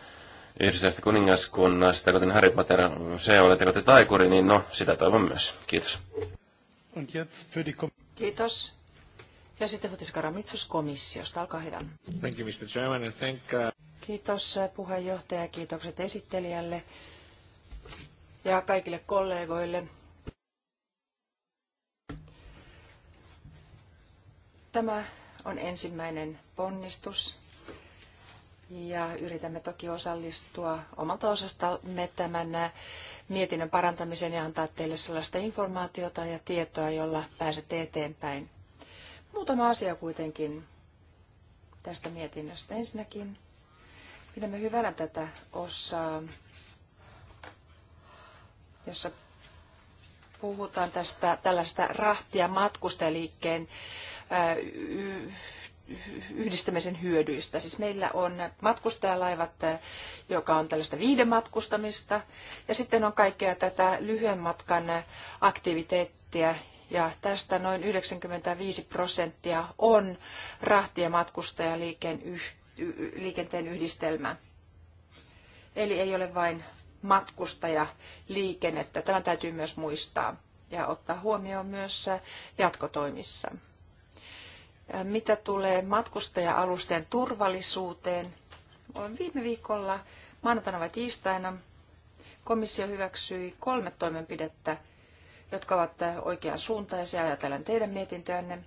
Speaker 3: yhdistyneestä kuningaskunnasta, kuten Harry Potter, se olette, kuten taikuri, niin no, sitä toivon myös. Kiitos.
Speaker 2: Kiitos. Ja sitten Fotis Karamitsus komissiosta. Olkaa hyvä.
Speaker 3: Thank you, Mr. Chairman, and thank, uh,
Speaker 2: Kiitos eh, puheenjohtaja, kiitokset esittelijälle ja kaikille kollegoille. Tämä on ensimmäinen ponnistus ja yritämme toki osallistua omalta osastamme tämän eh, mietinnön parantamiseen ja antaa teille sellaista informaatiota ja tietoa, jolla pääsette eteenpäin. Muutama asia kuitenkin tästä mietinnöstä. Ensinnäkin Pidämme hyvänä tätä osaa, jossa puhutaan tästä tällaista rahtia matkustajaliikkeen yhdistämisen hyödyistä. Siis meillä on matkustajalaivat, joka on tällaista matkustamista, ja sitten on kaikkea tätä lyhyen matkan aktiviteettia, ja tästä noin 95 prosenttia on rahti- ja matkustajaliikkeen liikenteen yhdistelmä. Eli ei ole vain liikennettä. Tämä täytyy myös muistaa ja ottaa huomioon myös jatkotoimissa. Mitä tulee matkustaja-alusten turvallisuuteen, viime viikolla maanantaina vai tiistaina komissio hyväksyi kolme toimenpidettä, jotka ovat oikean suuntaisia ajatellen teidän mietintöänne.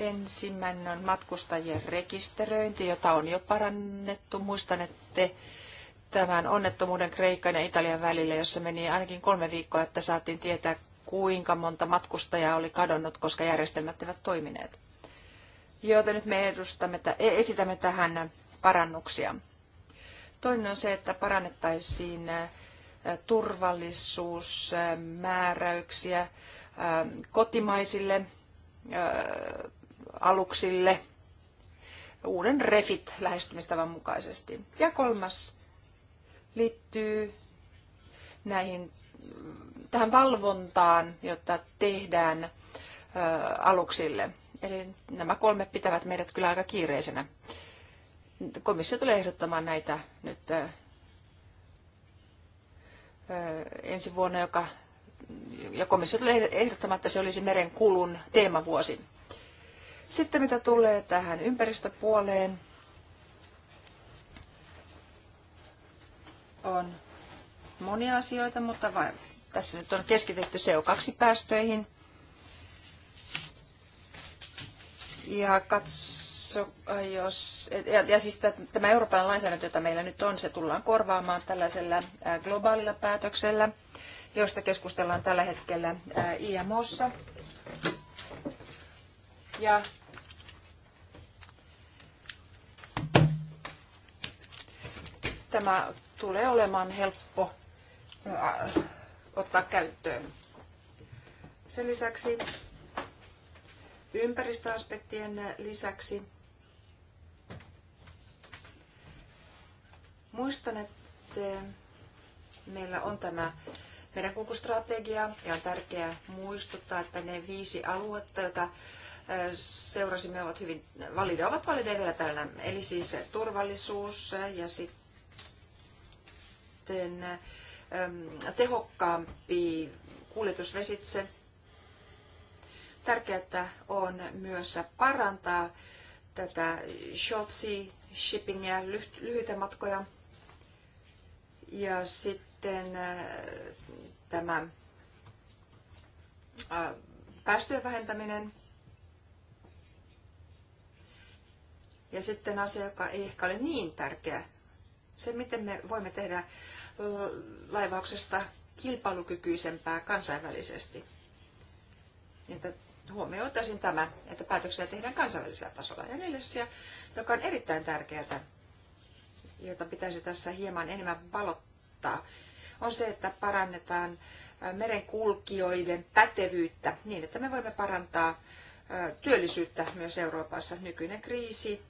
Speaker 2: Ensimmäinen on matkustajien rekisteröinti, jota on jo parannettu. Muistan, että tämän onnettomuuden Kreikan ja Italian välillä, jossa meni ainakin kolme viikkoa, että saatiin tietää, kuinka monta matkustajaa oli kadonnut, koska järjestelmät eivät toimineet. Joten nyt me edustamme, e- esitämme tähän parannuksia. Toinen on se, että parannettaisiin turvallisuusmääräyksiä kotimaisille aluksille uuden refit lähestymistavan mukaisesti. Ja kolmas liittyy näihin, tähän valvontaan, jota tehdään aluksille. Eli nämä kolme pitävät meidät kyllä aika kiireisenä. Komissio tulee ehdottamaan näitä nyt ensi vuonna, joka ja komissio tulee ehdottamaan, että se olisi merenkulun teemavuosi. Sitten mitä tulee tähän ympäristöpuoleen, on monia asioita, mutta vai, tässä nyt on keskitytty CO2-päästöihin. Ja katso, äh, jos, ja, ja siis tämä Euroopan lainsäädäntö, jota meillä nyt on, se tullaan korvaamaan tällaisella äh, globaalilla päätöksellä, josta keskustellaan tällä hetkellä äh, IMOssa. Ja tämä tulee olemaan helppo äh, ottaa käyttöön. Sen lisäksi ympäristöaspektien lisäksi muistan, että meillä on tämä merenkulkustrategia ja on tärkeää muistuttaa, että ne viisi aluetta, joita seurasimme ovat hyvin valide, ovat valideja vielä täällä. Eli siis turvallisuus ja sitten ähm, tehokkaampi kuljetusvesitse. Tärkeää on myös parantaa tätä short sea shippingia, lyhyitä matkoja. Ja sitten äh, tämä äh, päästöjen vähentäminen – Ja sitten asia, joka ei ehkä ole niin tärkeä, se miten me voimme tehdä laivauksesta kilpailukykyisempää kansainvälisesti. Että huomioitaisin tämä, että päätöksiä tehdään kansainvälisellä tasolla. Ja neljäs asia, joka on erittäin tärkeää, jota pitäisi tässä hieman enemmän valottaa, on se, että parannetaan merenkulkijoiden pätevyyttä niin, että me voimme parantaa työllisyyttä myös Euroopassa. Nykyinen kriisi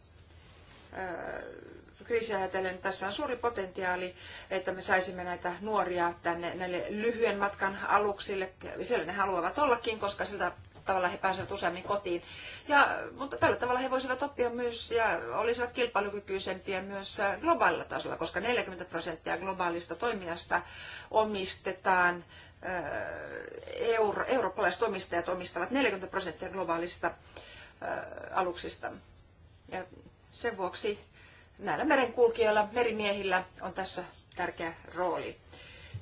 Speaker 2: kriisiä tässä on suuri potentiaali, että me saisimme näitä nuoria tänne näille lyhyen matkan aluksille. Siellä ne haluavat ollakin, koska sillä tavalla he pääsevät useammin kotiin. Ja, mutta tällä tavalla he voisivat oppia myös ja olisivat kilpailukykyisempiä myös globaalilla tasolla, koska 40 prosenttia globaalista toiminnasta omistetaan Euro, eurooppalaiset omistajat omistavat 40 prosenttia globaalista aluksista. Ja sen vuoksi näillä merenkulkijoilla, merimiehillä on tässä tärkeä rooli.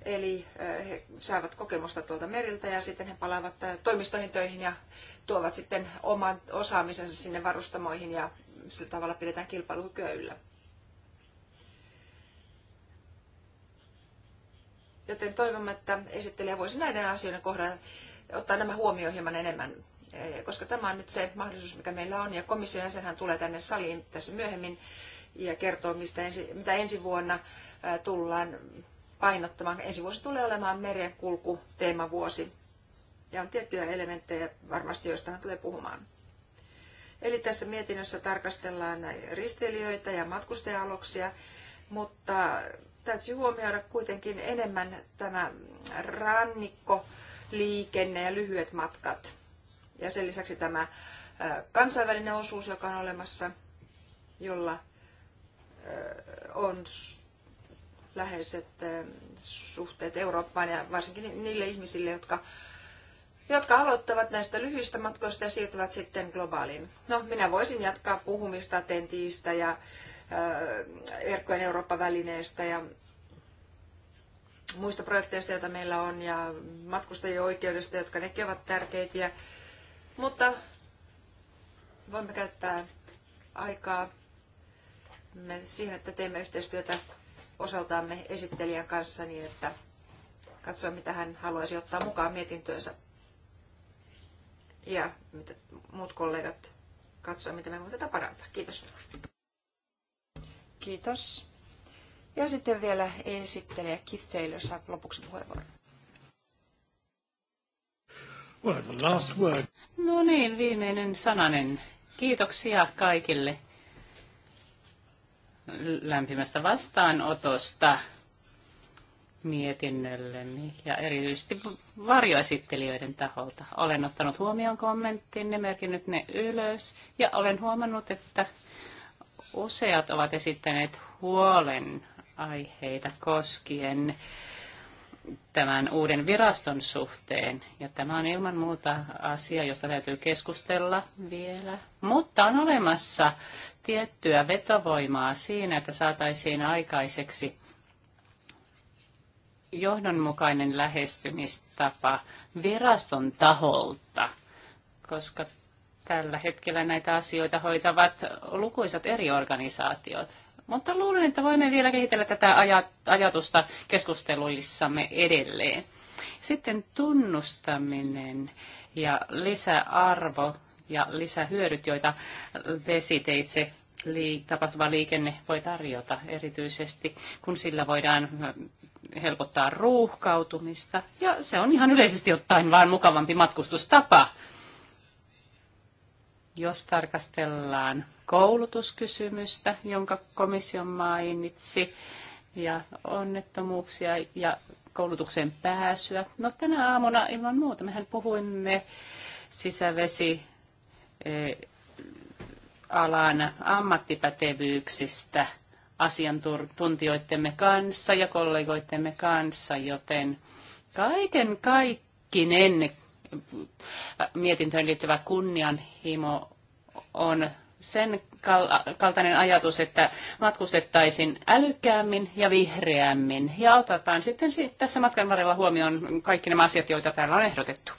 Speaker 2: Eli eh, he saavat kokemusta tuolta meriltä ja sitten he palaavat eh, toimistoihin töihin ja tuovat sitten oman osaamisensa sinne varustamoihin ja sillä tavalla pidetään kilpailukykyä yllä. Joten toivomme, että esittelijä voisi näiden asioiden kohdalla ottaa nämä huomioon hieman enemmän Eh, koska tämä on nyt se mahdollisuus, mikä meillä on, ja komission jäsenhän tulee tänne saliin tässä myöhemmin ja kertoo, mistä ensi, mitä ensi vuonna eh, tullaan painottamaan. Ensi vuosi tulee olemaan merenkulku teemavuosi, ja on tiettyjä elementtejä varmasti, joista hän tulee puhumaan. Eli tässä mietinnössä tarkastellaan risteilijöitä ja matkustajaloksia, mutta täytyy huomioida kuitenkin enemmän tämä rannikkoliikenne ja lyhyet matkat. Ja sen lisäksi tämä äh, kansainvälinen osuus, joka on olemassa, jolla äh, on läheiset äh, suhteet Eurooppaan ja varsinkin niille ihmisille, jotka, jotka aloittavat näistä lyhyistä matkoista ja siirtyvät sitten globaaliin. No, minä voisin jatkaa puhumista tentiistä ja verkkojen Eurooppa-välineestä ja muista projekteista, joita meillä on, ja matkustajien oikeudesta, jotka nekin ovat tärkeitä. Mutta voimme käyttää aikaa me siihen, että teemme yhteistyötä osaltaamme esittelijän kanssa niin, että katsoa, mitä hän haluaisi ottaa mukaan mietintöönsä. Ja mitä muut kollegat katsoa, miten me voimme tätä parantaa. Kiitos. Kiitos. Ja sitten vielä esittelijä Keith Taylor saa lopuksi puheenvuoron.
Speaker 3: Well, the last word.
Speaker 1: No niin, viimeinen sananen. Kiitoksia kaikille lämpimästä vastaanotosta mietinnölleni ja erityisesti varjoesittelijöiden taholta. Olen ottanut huomioon ne merkinnyt ne ylös ja olen huomannut, että useat ovat esittäneet huolen aiheita koskien tämän uuden viraston suhteen. Ja tämä on ilman muuta asia, josta täytyy keskustella vielä. Mutta on olemassa tiettyä vetovoimaa siinä, että saataisiin aikaiseksi johdonmukainen lähestymistapa viraston taholta, koska tällä hetkellä näitä asioita hoitavat lukuisat eri organisaatiot. Mutta luulen, että voimme vielä kehitellä tätä ajatusta keskusteluissamme edelleen. Sitten tunnustaminen ja lisäarvo ja lisähyödyt, joita vesiteitse tapahtuva liikenne voi tarjota erityisesti, kun sillä voidaan helpottaa ruuhkautumista. Ja se on ihan yleisesti ottaen vain mukavampi matkustustapa jos tarkastellaan koulutuskysymystä, jonka komissio mainitsi, ja onnettomuuksia ja koulutuksen pääsyä. No tänä aamuna ilman muuta mehän puhuimme sisävesi e, alan ammattipätevyyksistä asiantuntijoittemme kanssa ja kollegoittemme kanssa, joten kaiken kaikkinen mietintöön liittyvä kunnianhimo on sen kaltainen ajatus, että matkustettaisiin älykkäämmin ja vihreämmin. Ja otetaan sitten tässä matkan varrella huomioon kaikki nämä asiat, joita täällä on ehdotettu.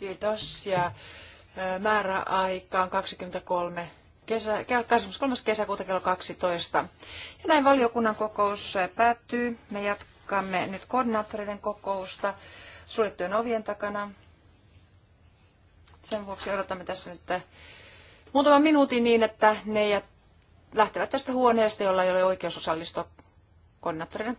Speaker 2: Kiitos. Ja määräaika on 23. Kesä, 23. kesäkuuta kello 12. Ja näin valiokunnan kokous päättyy. Me jatkamme nyt koordinaattoreiden kokousta suljettujen ovien takana. Sen vuoksi odotamme tässä nyt eh, muutaman minuutin niin, että ne lähtevät tästä huoneesta, jolla ei ole oikeus osallistua